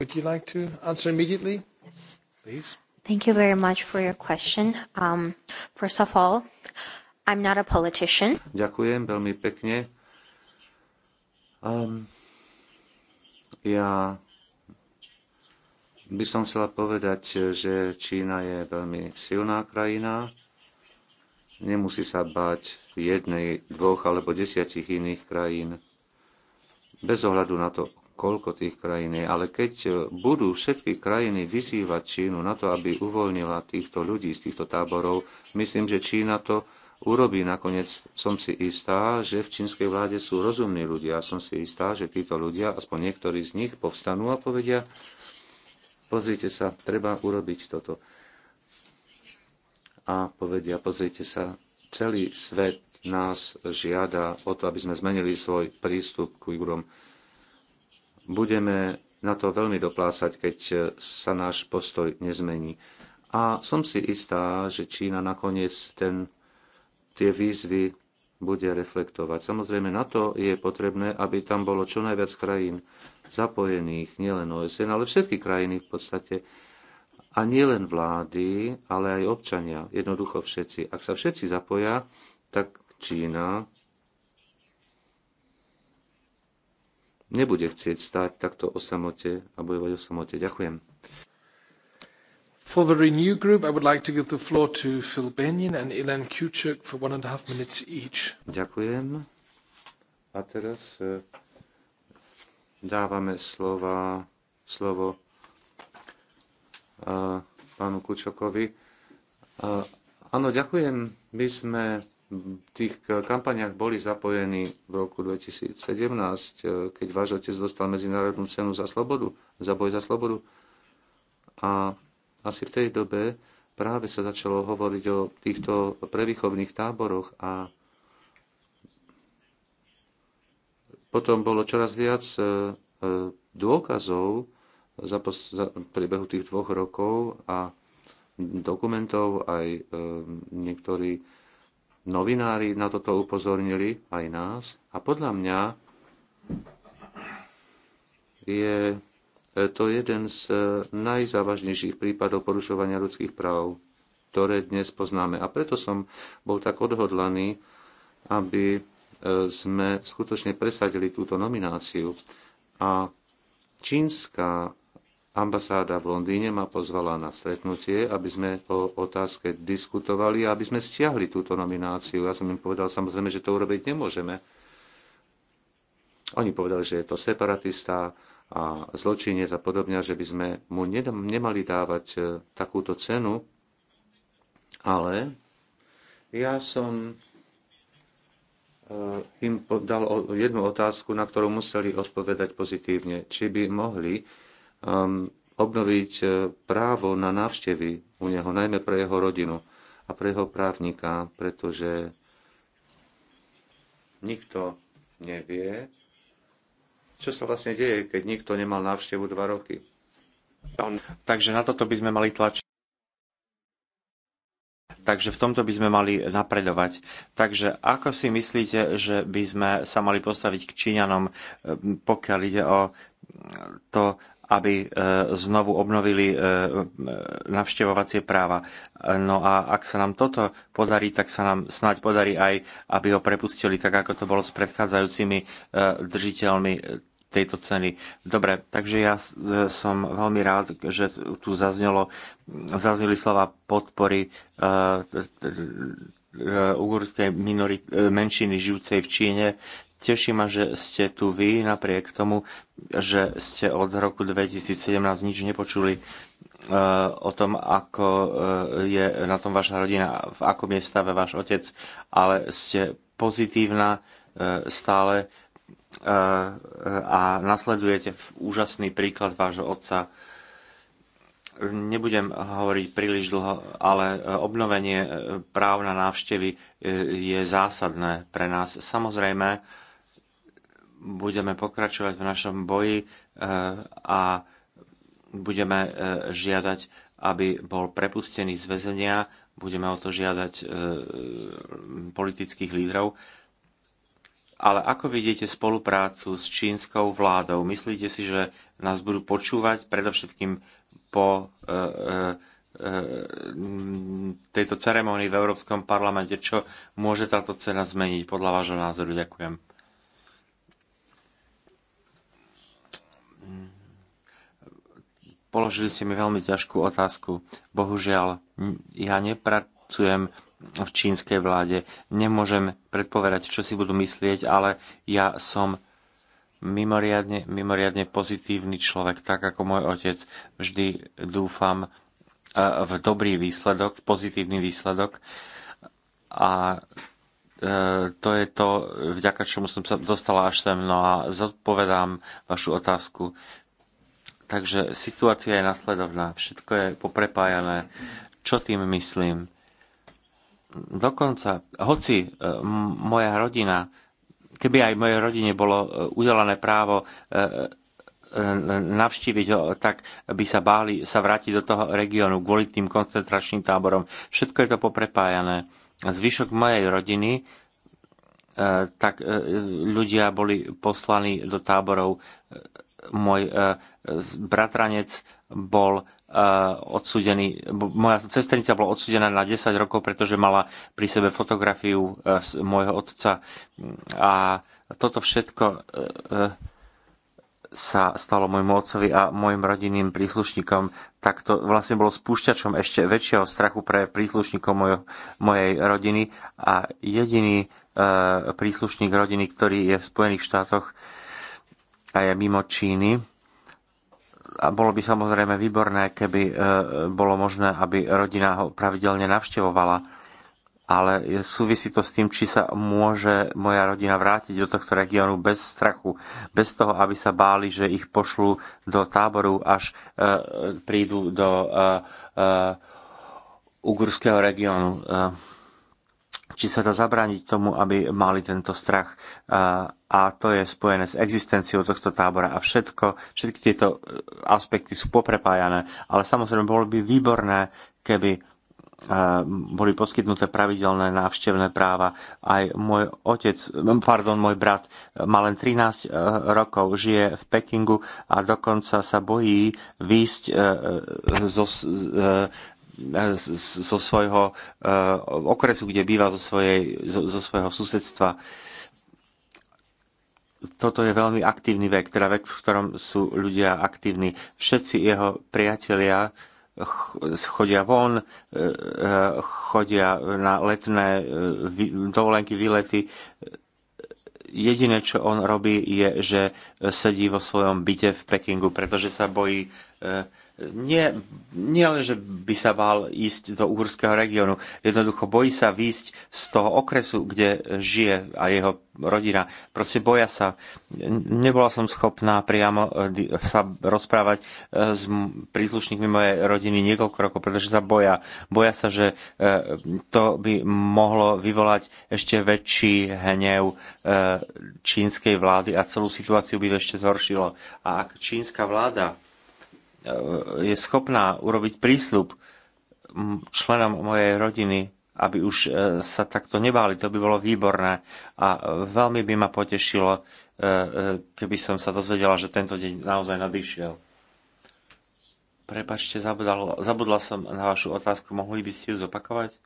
Would you like to answer immediately? Yes. Please. Thank you very much for your question. Um, first of all, I'm not a politician. Ďakujem veľmi pekne. Um, ja by som chcela povedať, že Čína je veľmi silná krajina. Nemusí sa báť jednej, dvoch alebo desiatich iných krajín. Bez ohľadu na to, koľko tých krajín je. Ale keď budú všetky krajiny vyzývať Čínu na to, aby uvoľnila týchto ľudí z týchto táborov, myslím, že Čína to urobí nakoniec, som si istá, že v čínskej vláde sú rozumní ľudia. Som si istá, že títo ľudia, aspoň niektorí z nich, povstanú a povedia, pozrite sa, treba urobiť toto. A povedia, pozrite sa, celý svet nás žiada o to, aby sme zmenili svoj prístup k Ujgurom. Budeme na to veľmi doplácať, keď sa náš postoj nezmení. A som si istá, že Čína nakoniec ten tie výzvy bude reflektovať. Samozrejme, na to je potrebné, aby tam bolo čo najviac krajín zapojených, nielen OSN, ale všetky krajiny v podstate. A nielen vlády, ale aj občania, jednoducho všetci. Ak sa všetci zapoja, tak Čína nebude chcieť stať takto o samote a bojovať o samote. Ďakujem. For the Renew Group, I would like to give the floor to Phil Benyon and Ilan Kuchuk for one and a half minutes each. Ďakujem. A teraz e, dávame slova, slovo e, pánu Kučokovi. E, áno, ďakujem. My sme v tých kampaniach boli zapojení v roku 2017, keď váš otec dostal medzinárodnú cenu za slobodu, za boj za slobodu. A asi v tej dobe práve sa začalo hovoriť o týchto prevýchovných táboroch a potom bolo čoraz viac e, e, dôkazov za, priebehu tých dvoch rokov a dokumentov aj e, niektorí novinári na toto upozornili, aj nás. A podľa mňa je E, to je jeden z e, najzávažnejších prípadov porušovania ľudských práv, ktoré dnes poznáme. A preto som bol tak odhodlaný, aby e, sme skutočne presadili túto nomináciu. A čínska ambasáda v Londýne ma pozvala na stretnutie, aby sme o otázke diskutovali a aby sme stiahli túto nomináciu. Ja som im povedal samozrejme, že to urobiť nemôžeme. Oni povedali, že je to separatista, a zločinec a podobne, že by sme mu nemali dávať e, takúto cenu, ale ja som e, im dal jednu otázku, na ktorú museli odpovedať pozitívne. Či by mohli um, obnoviť e, právo na návštevy u neho, najmä pre jeho rodinu a pre jeho právnika, pretože nikto nevie, čo sa vlastne deje, keď nikto nemal návštevu dva roky. Takže na toto by sme mali tlačiť. Takže v tomto by sme mali napredovať. Takže ako si myslíte, že by sme sa mali postaviť k Číňanom, e, pokiaľ ide o to, aby e, znovu obnovili e, navštevovacie práva. No a ak sa nám toto podarí, tak sa nám snáď podarí aj, aby ho prepustili tak, ako to bolo s predchádzajúcimi držiteľmi tejto ceny. Dobre, takže ja e, som veľmi rád, že tu zaznelo, zazneli slova podpory e, e, ugurskej menšiny žijúcej v Číne. Teší ma, že ste tu vy, napriek tomu, že ste od roku 2017 nič nepočuli o tom, ako je na tom vaša rodina, v akom je stave váš otec, ale ste pozitívna stále a nasledujete úžasný príklad vášho otca. Nebudem hovoriť príliš dlho, ale e, obnovenie e, práv na návštevy e, je zásadné pre nás. Samozrejme, budeme pokračovať v našom boji a budeme žiadať, aby bol prepustený z väzenia, budeme o to žiadať politických lídrov ale ako vidíte spoluprácu s čínskou vládou? Myslíte si, že nás budú počúvať predovšetkým po e, e, e, tejto ceremonii v Európskom parlamente? Čo môže táto cena zmeniť podľa vášho názoru? Ďakujem. Položili ste mi veľmi ťažkú otázku. Bohužiaľ, ja nepracujem v čínskej vláde. Nemôžem predpovedať, čo si budú myslieť, ale ja som mimoriadne, mimoriadne pozitívny človek, tak ako môj otec. Vždy dúfam e, v dobrý výsledok, v pozitívny výsledok. A e, to je to, vďaka čomu som sa dostala až sem. No a zodpovedám vašu otázku. Takže situácia je nasledovná. Všetko je poprepájané. Čo tým myslím? Dokonca, hoci e, moja rodina, keby aj mojej rodine bolo e, udelané právo e, navštíviť ho, tak by sa báli sa vrátiť do toho regiónu kvôli tým koncentračným táborom. Všetko je to poprepájané. Zvyšok mojej rodiny tak ľudia boli poslaní do táborov. Môj bratranec bol Eh, odsudený, moja cesternica bola odsudená na 10 rokov, pretože mala pri sebe fotografiu eh, môjho otca a toto všetko eh, sa stalo môjmu otcovi a môjim rodinným príslušníkom, tak to vlastne bolo spúšťačom ešte väčšieho strachu pre príslušníkov mojo, mojej rodiny a jediný príslušník rodiny, ktorý je v Spojených štátoch a je mimo Číny, a bolo by samozrejme výborné, keby e, bolo možné, aby rodina ho pravidelne navštevovala, ale súvisí to s tým, či sa môže moja rodina vrátiť do tohto regiónu bez strachu, bez toho, aby sa báli, že ich pošlú do táboru, až e, prídu do e, ugurského regiónu či sa dá zabrániť tomu, aby mali tento strach. A to je spojené s existenciou tohto tábora a všetko, všetky tieto eh, aspekty sú poprepájané. Ale samozrejme, bolo by výborné, keby eh, boli poskytnuté pravidelné návštevné práva. Aj môj otec, pardon, môj brat má len 13 eh, rokov, žije v Pekingu a dokonca sa bojí výjsť zo, zo svojho eh, okresu, kde býva, zo, svojej, zo, zo svojho susedstva. Toto je veľmi aktívny vek, teda vek, v ktorom sú ľudia aktívni. Všetci jeho priatelia chodia von, eh, chodia na letné eh, dovolenky, výlety. Jediné, čo on robí, je, že sedí vo svojom byte v Pekingu, pretože sa bojí nie, nie len, že by sa bál ísť do uhurského regiónu, jednoducho bojí sa výjsť z toho okresu, kde žije a jeho rodina. Proste boja sa. Nebola som schopná priamo eh, sa rozprávať eh, s príslušníkmi mojej rodiny niekoľko rokov, pretože sa boja. Boja sa, že eh, to by mohlo vyvolať ešte väčší hnev čínskej vlády a celú situáciu by to ešte zhoršilo. A ak čínska vláda Eh, je schopná urobiť prísľub mm, členom mojej rodiny, aby už eh, sa takto nebáli. To by bolo výborné a eh, veľmi by ma potešilo, keby som sa dozvedela, že tento deň naozaj nadišiel. Prepačte, zabudla, zabudla som na vašu otázku. Mohli by ste ju zopakovať?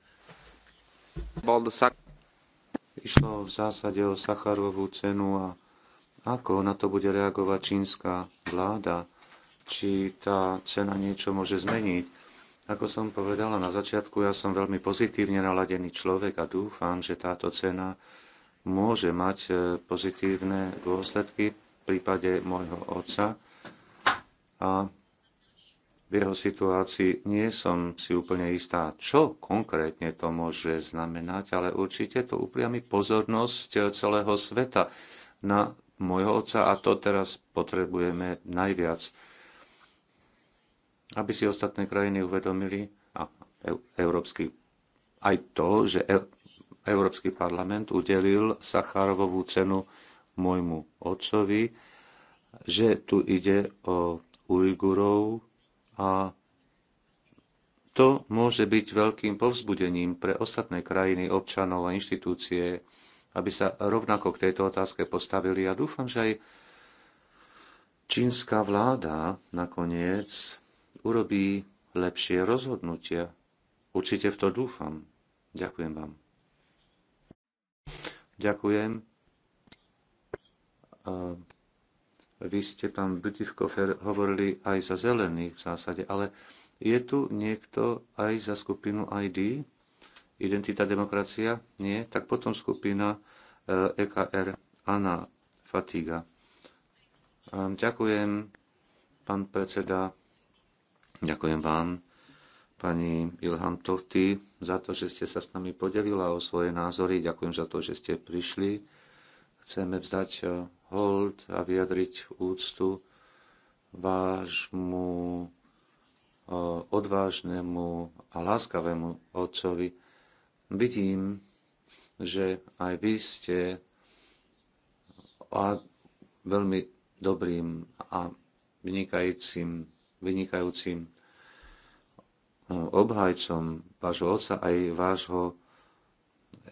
Išlo v zásade o Sacharovú cenu a ako na to bude reagovať čínska vláda či tá cena niečo môže zmeniť. Ako som povedala na začiatku, ja som veľmi pozitívne naladený človek a dúfam, že táto cena môže mať e, pozitívne dôsledky v prípade môjho otca. A v jeho situácii nie som si úplne istá, čo konkrétne to môže znamenať, ale určite to upriami pozornosť e, celého sveta na môjho otca a to teraz potrebujeme najviac aby si ostatné krajiny uvedomili, a Európsky, aj to, že Európsky parlament udelil Sacharovovú cenu môjmu otcovi, že tu ide o Ujgurov a to môže byť veľkým povzbudením pre ostatné krajiny, občanov a inštitúcie, aby sa rovnako k tejto otázke postavili. A ja dúfam, že aj čínska vláda nakoniec urobí lepšie rozhodnutia. Určite v to dúfam. Ďakujem vám. Ďakujem. Vy ste tam, Butivkofer, hovorili aj za zelených v zásade, ale je tu niekto aj za skupinu ID? Identita demokracia? Nie? Tak potom skupina EKR eh, e Anna Fatiga. Ďakujem, pán predseda. Ďakujem vám, pani Ilhan Tohty, za to, že ste sa s nami podelila o svoje názory. Ďakujem za to, že ste prišli. Chceme vzdať eh, hold a vyjadriť úctu vášmu eh, odvážnemu a láskavému otcovi. Vidím, že aj vy ste a veľmi dobrým a vynikajúcim, vynikajúcim obhajcom vášho otca aj vášho,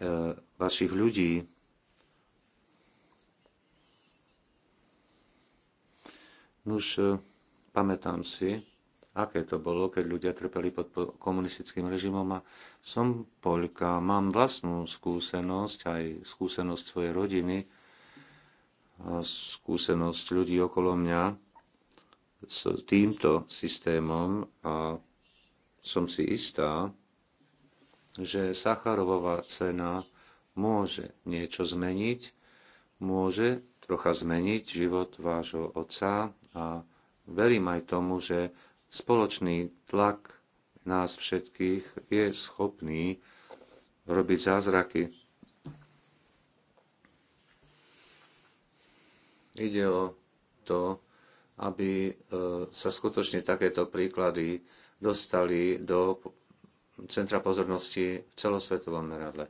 e, vašich ľudí. Nuž, e, pamätám si, aké to bolo, keď ľudia trpeli pod komunistickým režimom a som Poľka, mám vlastnú skúsenosť, aj skúsenosť svojej rodiny, skúsenosť ľudí okolo mňa s týmto systémom a som si istá, že Sacharovová cena môže niečo zmeniť, môže trocha zmeniť život vášho otca a verím aj tomu, že spoločný tlak nás všetkých je schopný robiť zázraky. Ide o to, aby e, sa skutočne takéto príklady dostali do centra pozornosti v celosvetovom meradle.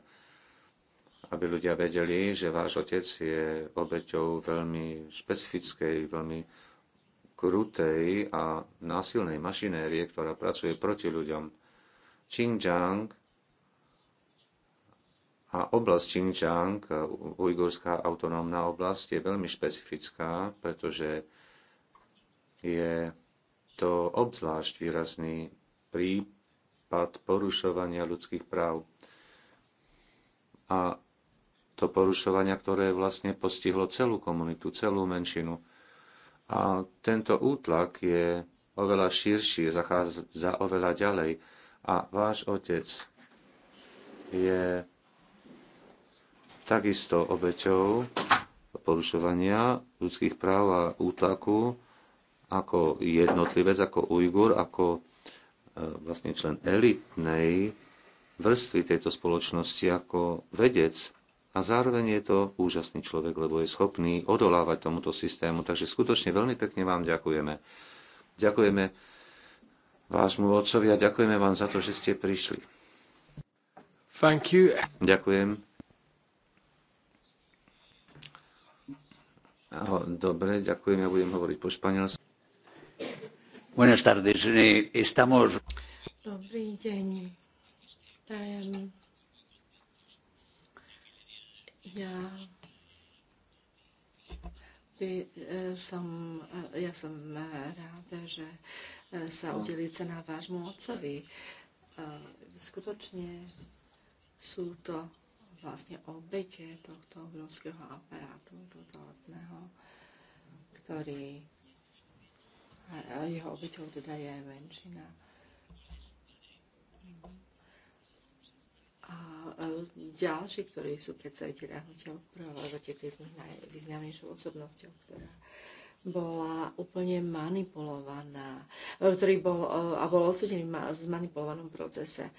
Aby ľudia vedeli, že váš otec je obeťou veľmi špecifickej, veľmi krutej a násilnej mašinérie, ktorá pracuje proti ľuďom. Xinjiang a oblasť Xinjiang, ujgurská autonómna oblasť, je veľmi špecifická, pretože je to obzvlášť výrazný prípad porušovania ľudských práv. A to porušovania, ktoré vlastne postihlo celú komunitu, celú menšinu. A tento útlak je oveľa širší, zachádza oveľa ďalej. A váš otec je takisto obeťou porušovania ľudských práv a útlaku ako jednotlivec, ako Ujgur, ako e, vlastne člen elitnej vrstvy tejto spoločnosti, ako vedec. A zároveň je to úžasný človek, lebo je schopný odolávať tomuto systému. Takže skutočne veľmi pekne vám ďakujeme. Ďakujeme vášmu otcovi a ďakujeme vám za to, že ste prišli. Thank you. Ďakujem. Dobre, ďakujem, ja budem hovoriť po španielsku. Buenas tardes. Eh, Estamos... Dobrý deň. Prajem. Ja by e, som, e, ja som e, ráda, že sa udelí cena vášmu otcovi. Skutočne sú to vlastne obete tohto obrovského aparátu totalitného, ktorý a jeho obeťou teda je aj A e, ďalší, ktorí sú predstaviteľia hnutia Prvo, otec je z nich najvýznamnejšou osobnosťou, ktorá bola úplne manipulovaná, e, ktorý bol e, a bol odsudený v zmanipulovanom procese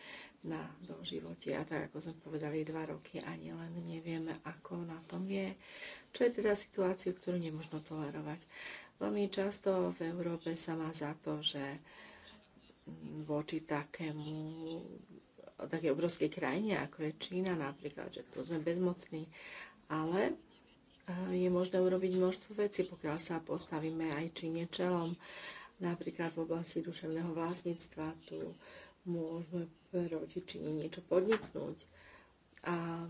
na živote. A tak, ako sme povedali, dva roky ani len nevieme, ako na tom je, čo je teda situácia, ktorú nemôžno tolerovať. Veľmi často v Európe sa má za to, že voči takému také obrovskej krajine, ako je Čína napríklad, že tu sme bezmocní, ale eh, je možné urobiť množstvo vecí, pokiaľ sa postavíme aj Číne čelom. Napríklad v oblasti duševného vlastníctva tu môžeme rodiť Číne niečo podniknúť. A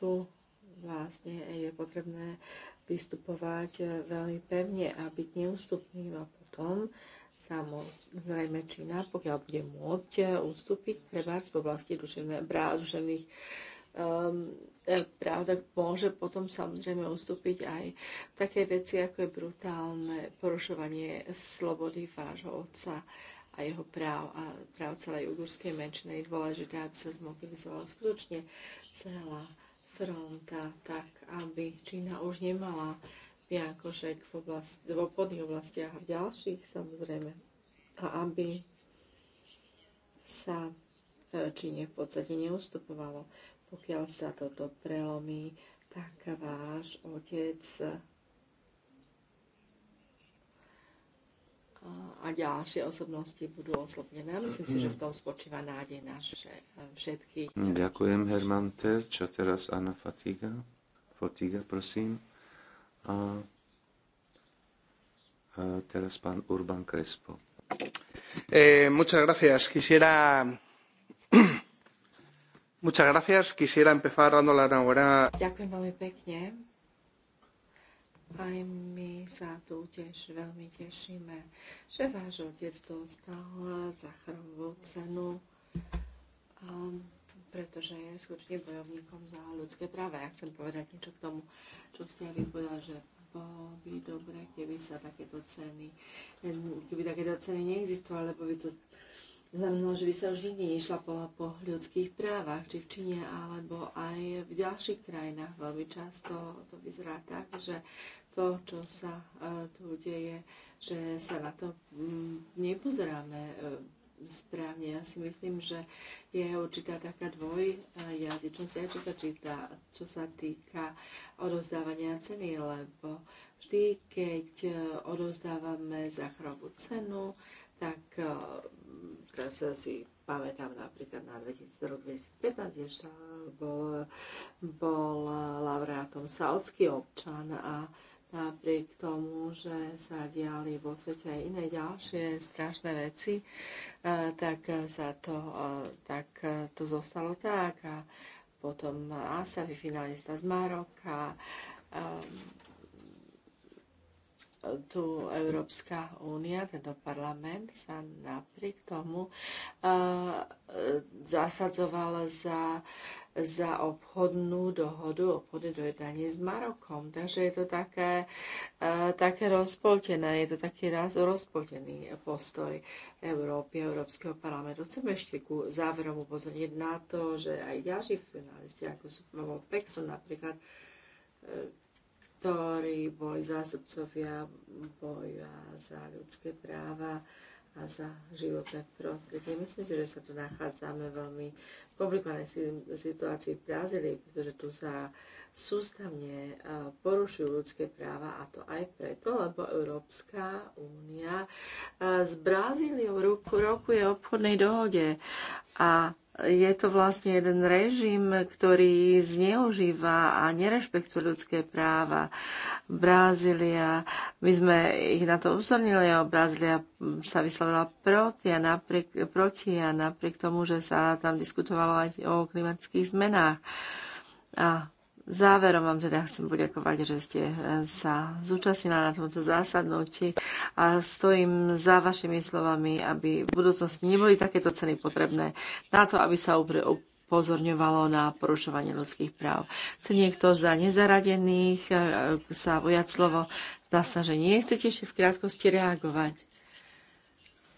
tu vlastne je potrebné vystupovať e, veľmi pevne a byť neústupným a potom samozrejme Čína, pokiaľ bude môcť ustúpiť, e, treba v oblasti duševných práv, duševných um, e, práv, tak môže potom samozrejme ustúpiť aj v také veci, ako je brutálne porušovanie slobody vášho otca a jeho práv a práv celej ugurskej menšiny. Je dôležité, aby sa zmobilizovala skutočne celá fronta, tak aby Čína už nemala piakošek v, oblast, v obchodných oblastiach a v ďalších samozrejme. A aby sa e, Číne v podstate neustupovalo. Pokiaľ sa toto prelomí, tak váš otec a ďalšie osobnosti budú oslobnené. A myslím si, že v tom spočíva nádej náš e, všetkých. Mm, ďakujem, Herman Terč. A teraz Anna Fatiga. Fatiga, prosím. A, a teraz pán Urban Crespo. Eh, muchas gracias. Quisiera... muchas gracias. Quisiera empezar dando la enhorabuena. Ďakujem veľmi pekne aj my sa tu tiež veľmi tešíme, že váš otec dostal Zacharovú cenu, um, pretože je skutočne bojovníkom za ľudské práva. Ja chcem povedať niečo k tomu, čo ste aj vypovedali, že bolo by dobre, keby sa takéto ceny, keby takéto ceny neexistovali, lebo by to za by sa už nikdy nešla po ľudských právach, či v Číne, alebo aj v ďalších krajinách. Veľmi často to vyzerá tak, že to, čo sa e, tu deje, že sa na to mm, nepozeráme e, správne. Ja si myslím, že je určitá taká dvojjazyčnosť, aj čo sa, číta, čo sa týka odovzdávania ceny, lebo vždy, keď e, odovzdávame za chorobú cenu, tak teraz si pamätám napríklad na 2015, ešte bol, bol laureátom saudský občan a napriek tomu, že sa diali vo svete aj iné ďalšie strašné veci, e, tak sa to, e, tak to zostalo tak a potom Asafi, finalista z Maroka, e, tu Európska únia, tento parlament sa napriek tomu e, zasadzoval za, za obchodnú dohodu, obchodné dojednanie s Marokom. Takže je to také, e, také rozpoltené, je to taký raz rozpoltený postoj Európy, Európskeho parlamentu. Chcem ešte ku záverom upozorniť na to, že aj ďalší finalisti, ako sú Pavel Pexel napríklad, e, ktorí boli zástupcovia boja za ľudské práva a za životné prostredie. Myslím si, že sa tu nachádzame v veľmi komplikovanej situácii v Brazílii, pretože tu sa sústavne porušujú ľudské práva a to aj preto, lebo Európska únia s Brazíliou roku, roku je obchodnej dohode a je to vlastne jeden režim, ktorý zneužíva a nerešpektuje ľudské práva. Brazília, my sme ich na to upozornili, a Brazília sa vyslovila proti a, napriek, proti a napriek tomu, že sa tam diskutovalo aj o klimatických zmenách. A Záverom vám teda chcem poďakovať, že ste eh, sa zúčastnili na tomto zásadnutí a stojím za vašimi slovami, aby v budúcnosti neboli takéto ceny potrebné na to, aby sa upozorňovalo na porušovanie ľudských práv. Chce niekto za nezaradených eh, sa ujať slovo? Zdá sa, že nie. Chcete ešte v krátkosti reagovať?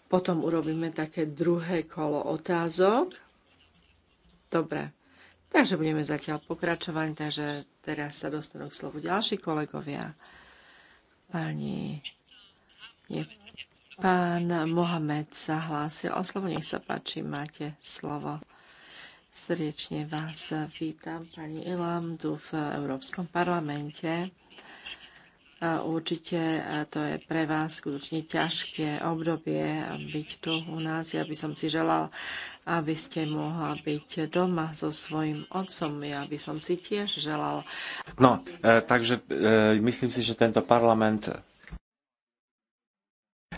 Potom urobíme také druhé kolo otázok. Dobre. Takže budeme zatiaľ pokračovať, takže teraz sa dostanú k slovu ďalší kolegovia. Pani, je pán Mohamed sa hlásil o slovo, nech sa páči, máte slovo. Srdečne vás vítam, pani Ilamdu, v Európskom parlamente. Určite to je pre vás skutočne ťažké obdobie byť tu u nás. Ja by som si želal, aby ste mohla byť doma so svojim otcom. Ja by som si tiež želal. No, e, takže e, myslím si, že tento parlament e,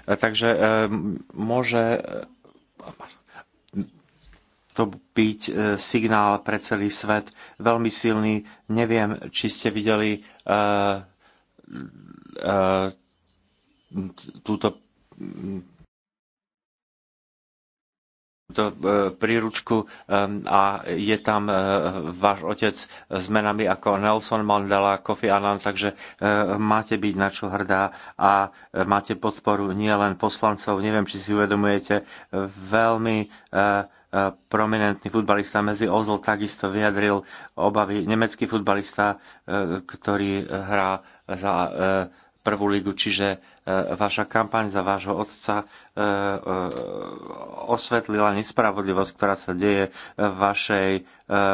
takže e, môže e, to byť e, signál pre celý svet veľmi silný. Neviem, či ste videli e, túto túto e, príručku e, a je tam e, váš otec s menami ako Nelson Mandela, Kofi Annan, takže máte byť na čo hrdá a máte podporu nielen poslancov, neviem, či si uvedomujete, veľmi prominentný futbalista Mezi Ozol takisto vyjadril obavy. Nemecký futbalista, ktorý hrá za e, prvú ligu, čiže e, vaša kampaň za vášho otca e, osvetlila nespravodlivosť, ktorá sa deje v vašej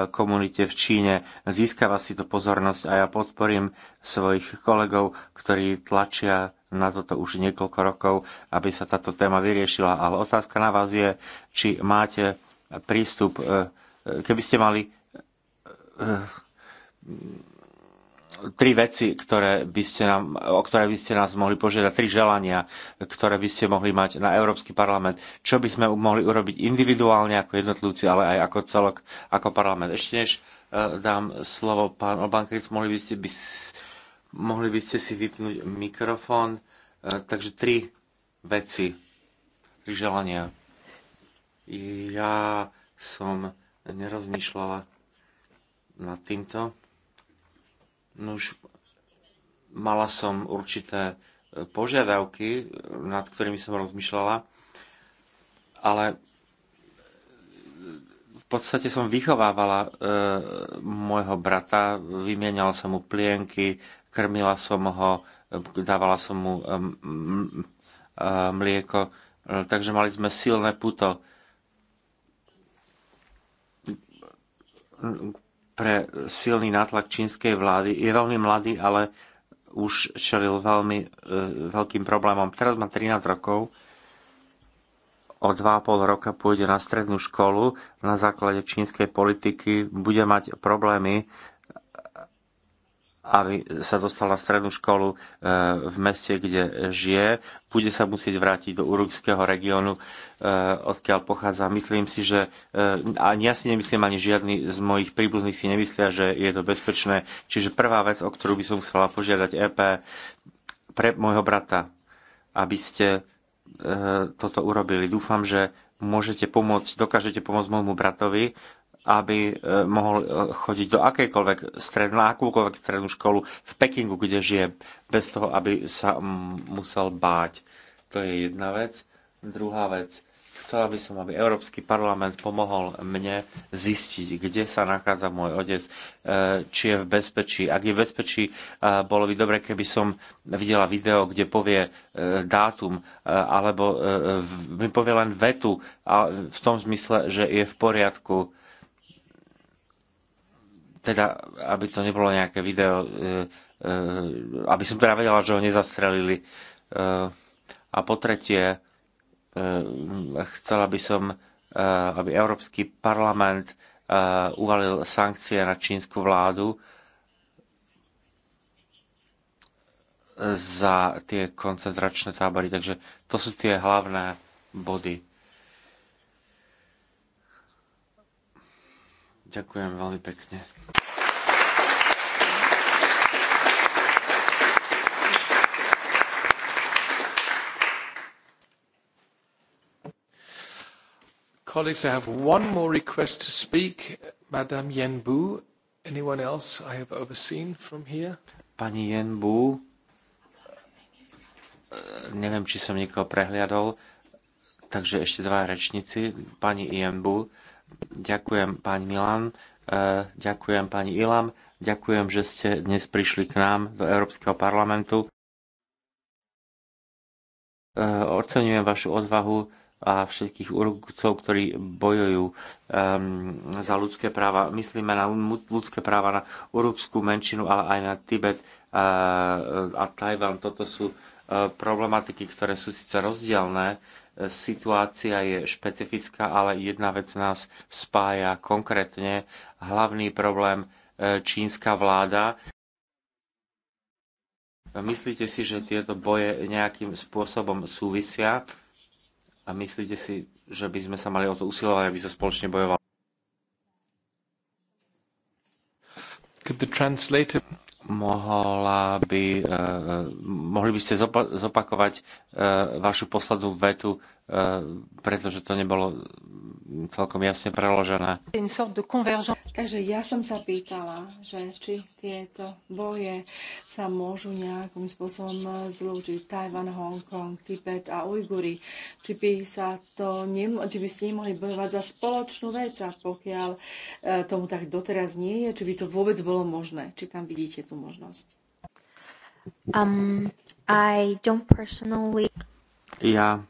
komunite v Číne. Získava si to pozornosť a ja podporím svojich kolegov, ktorí tlačia na toto už niekoľko rokov, aby sa táto téma vyriešila. Ale otázka na vás je, či máte prístup, keby ste mali tri veci, ktoré by ste nám, o ktoré by ste nás mohli požiadať, tri želania, ktoré by ste mohli mať na Európsky parlament. Čo by sme mohli urobiť individuálne ako jednotlivci, ale aj ako celok, ako parlament. Ešte než e, dám slovo pán Kric, mohli by ste, by, mohli by ste si vypnúť mikrofón. E, takže tri veci, tri želania. Ja som nerozmýšľala nad týmto. No už mala som určité e, požiadavky, e, nad ktorými som rozmýšľala, ale e, v podstate som vychovávala e, môjho brata, vymienala som mu plienky, krmila som ho, dávala som mu e, e, mlieko, e, takže mali sme silné puto pre silný nátlak čínskej vlády. Je veľmi mladý, ale už čelil veľmi e, veľkým problémom. Teraz má 13 rokov, o 2,5 roka pôjde na strednú školu na základe čínskej politiky, bude mať problémy aby sa dostal na strednú školu e, v meste, kde žije. Bude sa musieť vrátiť do urugského regiónu, e, odkiaľ pochádza. Myslím si, že e, a ja si nemyslím, ani žiadny z mojich príbuzných si nemyslia, že je to bezpečné. Čiže prvá vec, o ktorú by som chcela požiadať EP pre môjho brata, aby ste toto urobili. Dúfam, že môžete pomôcť, dokážete pomôcť môjmu bratovi, aby e, mohol e, chodiť do akékoľvek strednú, akúkoľvek strednú školu v Pekingu, kde žije, bez toho, aby sa musel báť. To je jedna vec. Druhá vec. Chcela by som, aby Európsky parlament pomohol mne zistiť, kde sa nachádza môj otec, e, či je v bezpečí. Ak je v bezpečí, bolo by dobre, keby som videla video, kde povie dátum, alebo mi povie len vetu v tom zmysle, že je v poriadku teda, aby to nebolo nejaké video, e, e, aby som teda vedela, že ho nezastrelili. E, a po tretie, chcela by som, aby Európsky parlament uvalil sankcie na čínsku vládu za tie koncentračné tábory. Takže to sú tie hlavné body. Ďakujem veľmi pekne. Colleagues, I have one more request to speak. Madame Yen Bu, Anyone else I have overseen from here? Pani Yen Yenbu. Eh, neviem, či som niekoho prehliadol. Takže ešte dva rečníci. Pani Yen Yenbu Ďakujem, pán Milan. E, ďakujem, pani Ilam. Ďakujem, že ste dnes prišli k nám do Európskeho parlamentu. E, oceňujem vašu odvahu a všetkých urgcov, ktorí bojujú um, za ľudské práva. Myslíme na ľudské práva na urugskú menšinu, ale aj na Tibet e, a, a Tajván. Toto sú uh, problematiky, ktoré sú síce rozdielne, Situácia je špecifická, ale jedna vec nás spája konkrétne. Hlavný problém e, čínska vláda. Myslíte si, že tieto boje nejakým spôsobom súvisia? A myslíte si, že by sme sa mali o to usilovať, aby sa spoločne bojovali? Could the translator mohla by, eh, eh, mohli by ste zopakovať eh, vašu poslednú vetu Eh, pretože to nebolo celkom jasne preložené. Takže ja som sa pýtala, že či tieto boje sa môžu nejakým spôsobom zlúčiť. Tajvan, Hongkong, Tibet a Ujguri. Či by, sa to či by ste nemohli bojovať za spoločnú vec a pokiaľ eh, tomu tak doteraz nie je, či by to vôbec bolo možné. Či tam vidíte tú možnosť? Um, I don't personally... Ja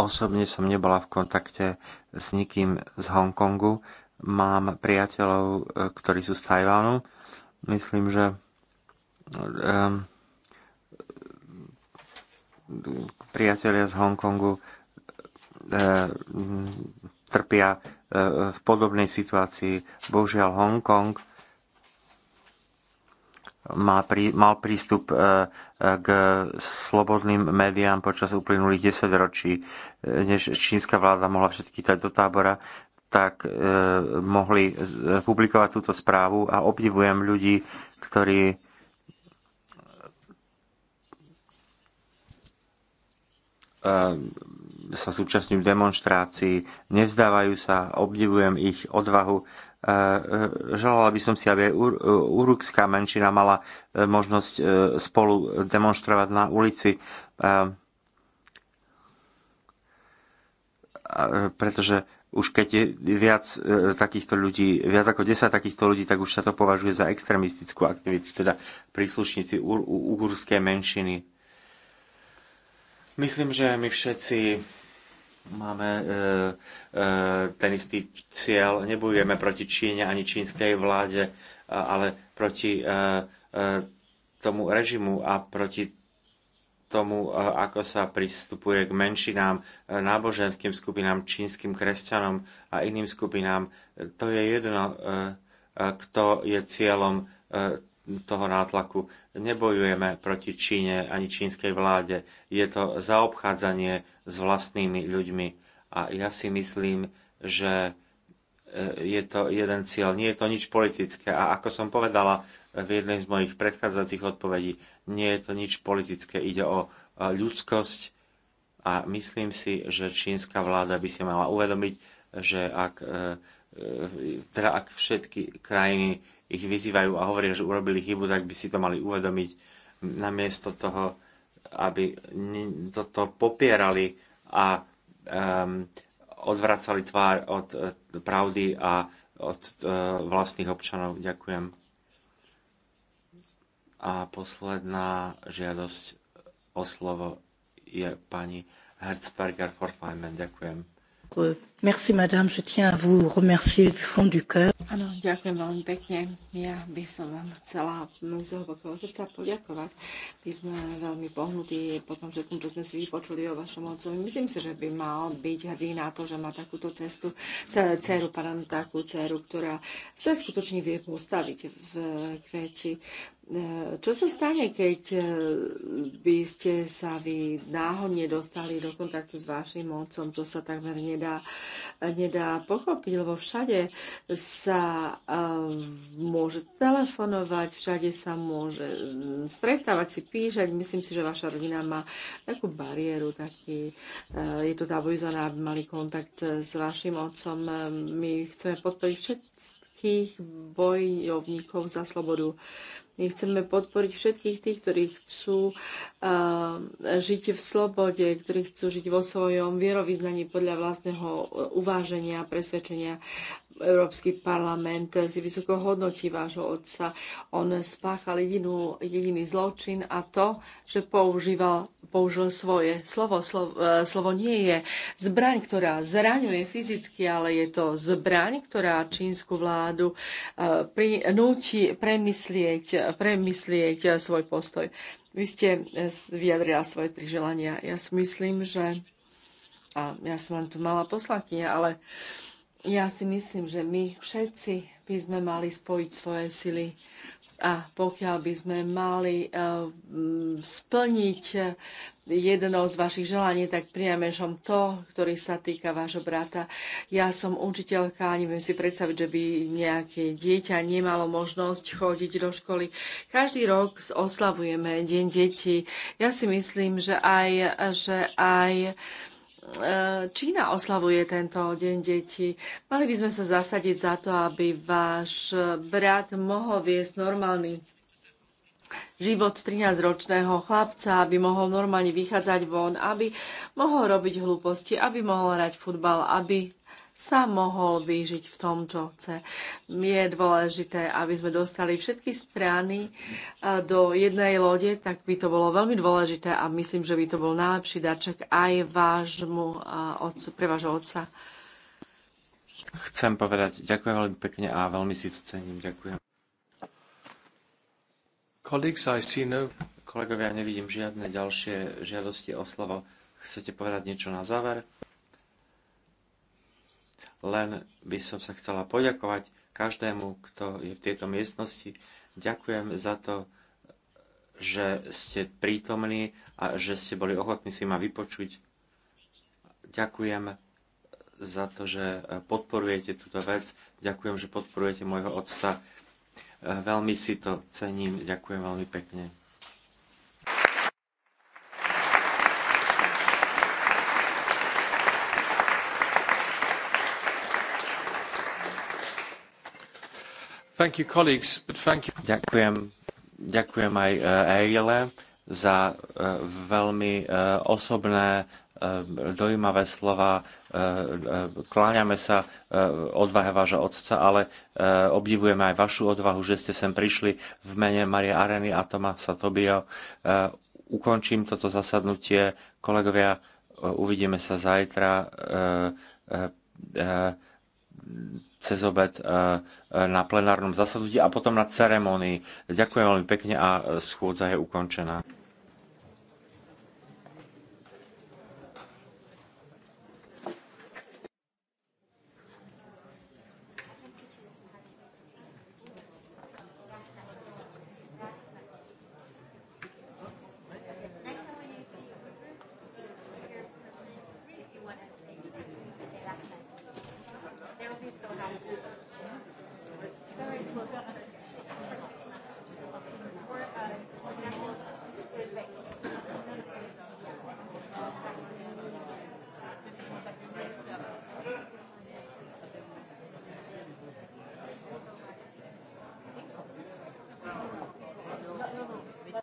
Osobne som nebola v kontakte s nikým z Hongkongu. Mám priateľov, e, ktorí sú z Tajvánu. Myslím, že um, priatelia z Hongkongu um, trpia e, v podobnej situácii. Bohužiaľ Hongkong prí, mal prístup e, e, k slobodným médiám počas uplynulých 10 ročí, e, než čínska vláda mohla všetky dať do tábora, tak mohli publikovať túto správu a obdivujem ľudí, ktorí sa zúčastňujú demonstrácií, nevzdávajú sa, obdivujem ich odvahu E, e, želala by som si, aby aj e, urukská menšina mala možnosť spolu demonstrovať na ulici, pretože už keď je viac takýchto ľudí, viac ako 10 takýchto ľudí, tak už sa to považuje za extremistickú aktivitu, teda príslušníci ugurskej menšiny. Myslím, že my všetci máme e, e, ten istý cieľ. Nebojujeme proti Číne ani čínskej vláde, ale proti e, tomu režimu a proti tomu, ako sa pristupuje k menšinám, náboženským skupinám, čínskym kresťanom a iným skupinám. To je jedno, kto je cieľom toho nátlaku. Nebojujeme proti Číne ani čínskej vláde. Je to zaobchádzanie s vlastnými ľuďmi. A ja si myslím, že e, je to jeden cieľ. Nie je to nič politické. A ako som povedala v jednej z mojich predchádzajúcich odpovedí, nie je to nič politické. Ide o e, ľudskosť a myslím si, že čínska vláda by si mala uvedomiť, že ak, e, teda ak všetky krajiny ich vyzývajú a hovoria, že urobili chybu, tak by si to mali uvedomiť namiesto toho, aby toto popierali a um, odvracali tvár od uh, pravdy a od uh, vlastných občanov. Ďakujem. A posledná žiadosť o slovo je pani Herzberger Feynman. Ďakujem. Ďakujem. Merci, madame. Je tiens à vous remercier du fond du cœur. Áno, ďakujem veľmi pekne. Ja by som vám chcela z hlbokého srdca poďakovať. My sme veľmi pohnutí po tom všetkom, čo sme si vypočuli o vašom otcovi. Myslím si, že by mal byť hrdý na to, že má takúto cestu, dceru, pardon, takú dceru, ktorá sa skutočne vie postaviť v, kveci. veci. E, čo sa stane, keď e, by ste sa vy náhodne dostali do kontaktu s vašim otcom? To sa takmer nedá uh, nedá pochopiť, lebo všade sa um, môže telefonovať, všade sa môže um, stretávať, si píšať. Myslím si, že vaša rodina má takú bariéru, taký, uh, je to tabuizované, aby mali kontakt s vašim otcom. Um, my chceme podporiť všetkých bojovníkov za slobodu my chceme podporiť všetkých tých, ktorí chcú žiť v slobode, ktorí chcú žiť vo svojom vierovýznaní podľa vlastného e, uváženia a presvedčenia. Európsky parlament si vysoko hodnotí vášho otca. On spáchal jedinú, jediný zločin a to, že používal, použil svoje slovo. Slovo, e, slovo nie je zbraň, ktorá zraňuje fyzicky, ale je to zbraň, ktorá čínsku vládu e, pri, núti premyslieť, premyslieť svoj postoj. Vy ste e, vyjadrila svoje tri želania. Ja si myslím, že... A ja som vám tu mala poslankyňa, ale uh, ja si myslím, že my všetci by sme mali spojiť svoje sily a pokiaľ by sme mali eh, splniť eh, jedno z vašich želaní, tak priamežom to, ktorý sa týka vášho brata. Ja som učiteľka a neviem si predstaviť, že by nejaké dieťa nemalo možnosť chodiť do školy. Každý rok oslavujeme Deň detí. Ja si myslím, že aj, že aj E, Čína oslavuje tento deň detí. Mali by sme sa zasadiť za to, aby váš brat mohol viesť normálny život 13-ročného chlapca, aby mohol normálne vychádzať von, aby mohol robiť hlúposti, aby mohol hrať futbal, aby sa mohol vyžiť v tom, čo chce. Je dôležité, aby sme dostali všetky strany e, do jednej lode, tak by to bolo veľmi dôležité a myslím, že by to bol najlepší darček aj vášmu e, otcu, pre vášho otca. Chcem povedať, ďakujem veľmi pekne a veľmi si cením. Ďakujem. No- Kolegovia, nevidím žiadne ďalšie žiadosti o slovo. Chcete povedať niečo na záver? len by som sa chcela poďakovať každému, kto je v tejto miestnosti. Ďakujem za to, že ste prítomní a že ste boli ochotní si ma vypočuť. Ďakujem za to, že podporujete túto vec. Ďakujem, že podporujete môjho otca. Veľmi si to cením. Ďakujem veľmi pekne. ďakujem, aj e, Eile za e, veľmi e, osobné dojímavé slova. Kláňame sa odvahe vášho otca, ale obdivujeme aj vašu odvahu, že ste sem prišli v mene Marie Areny a Tomasa Tobio. Ukončím toto zasadnutie. Kolegovia, uvidíme sa zajtra cez obed e, e, na plenárnom zasadnutí a potom na ceremonii. Ďakujem veľmi pekne a schôdza je ukončená.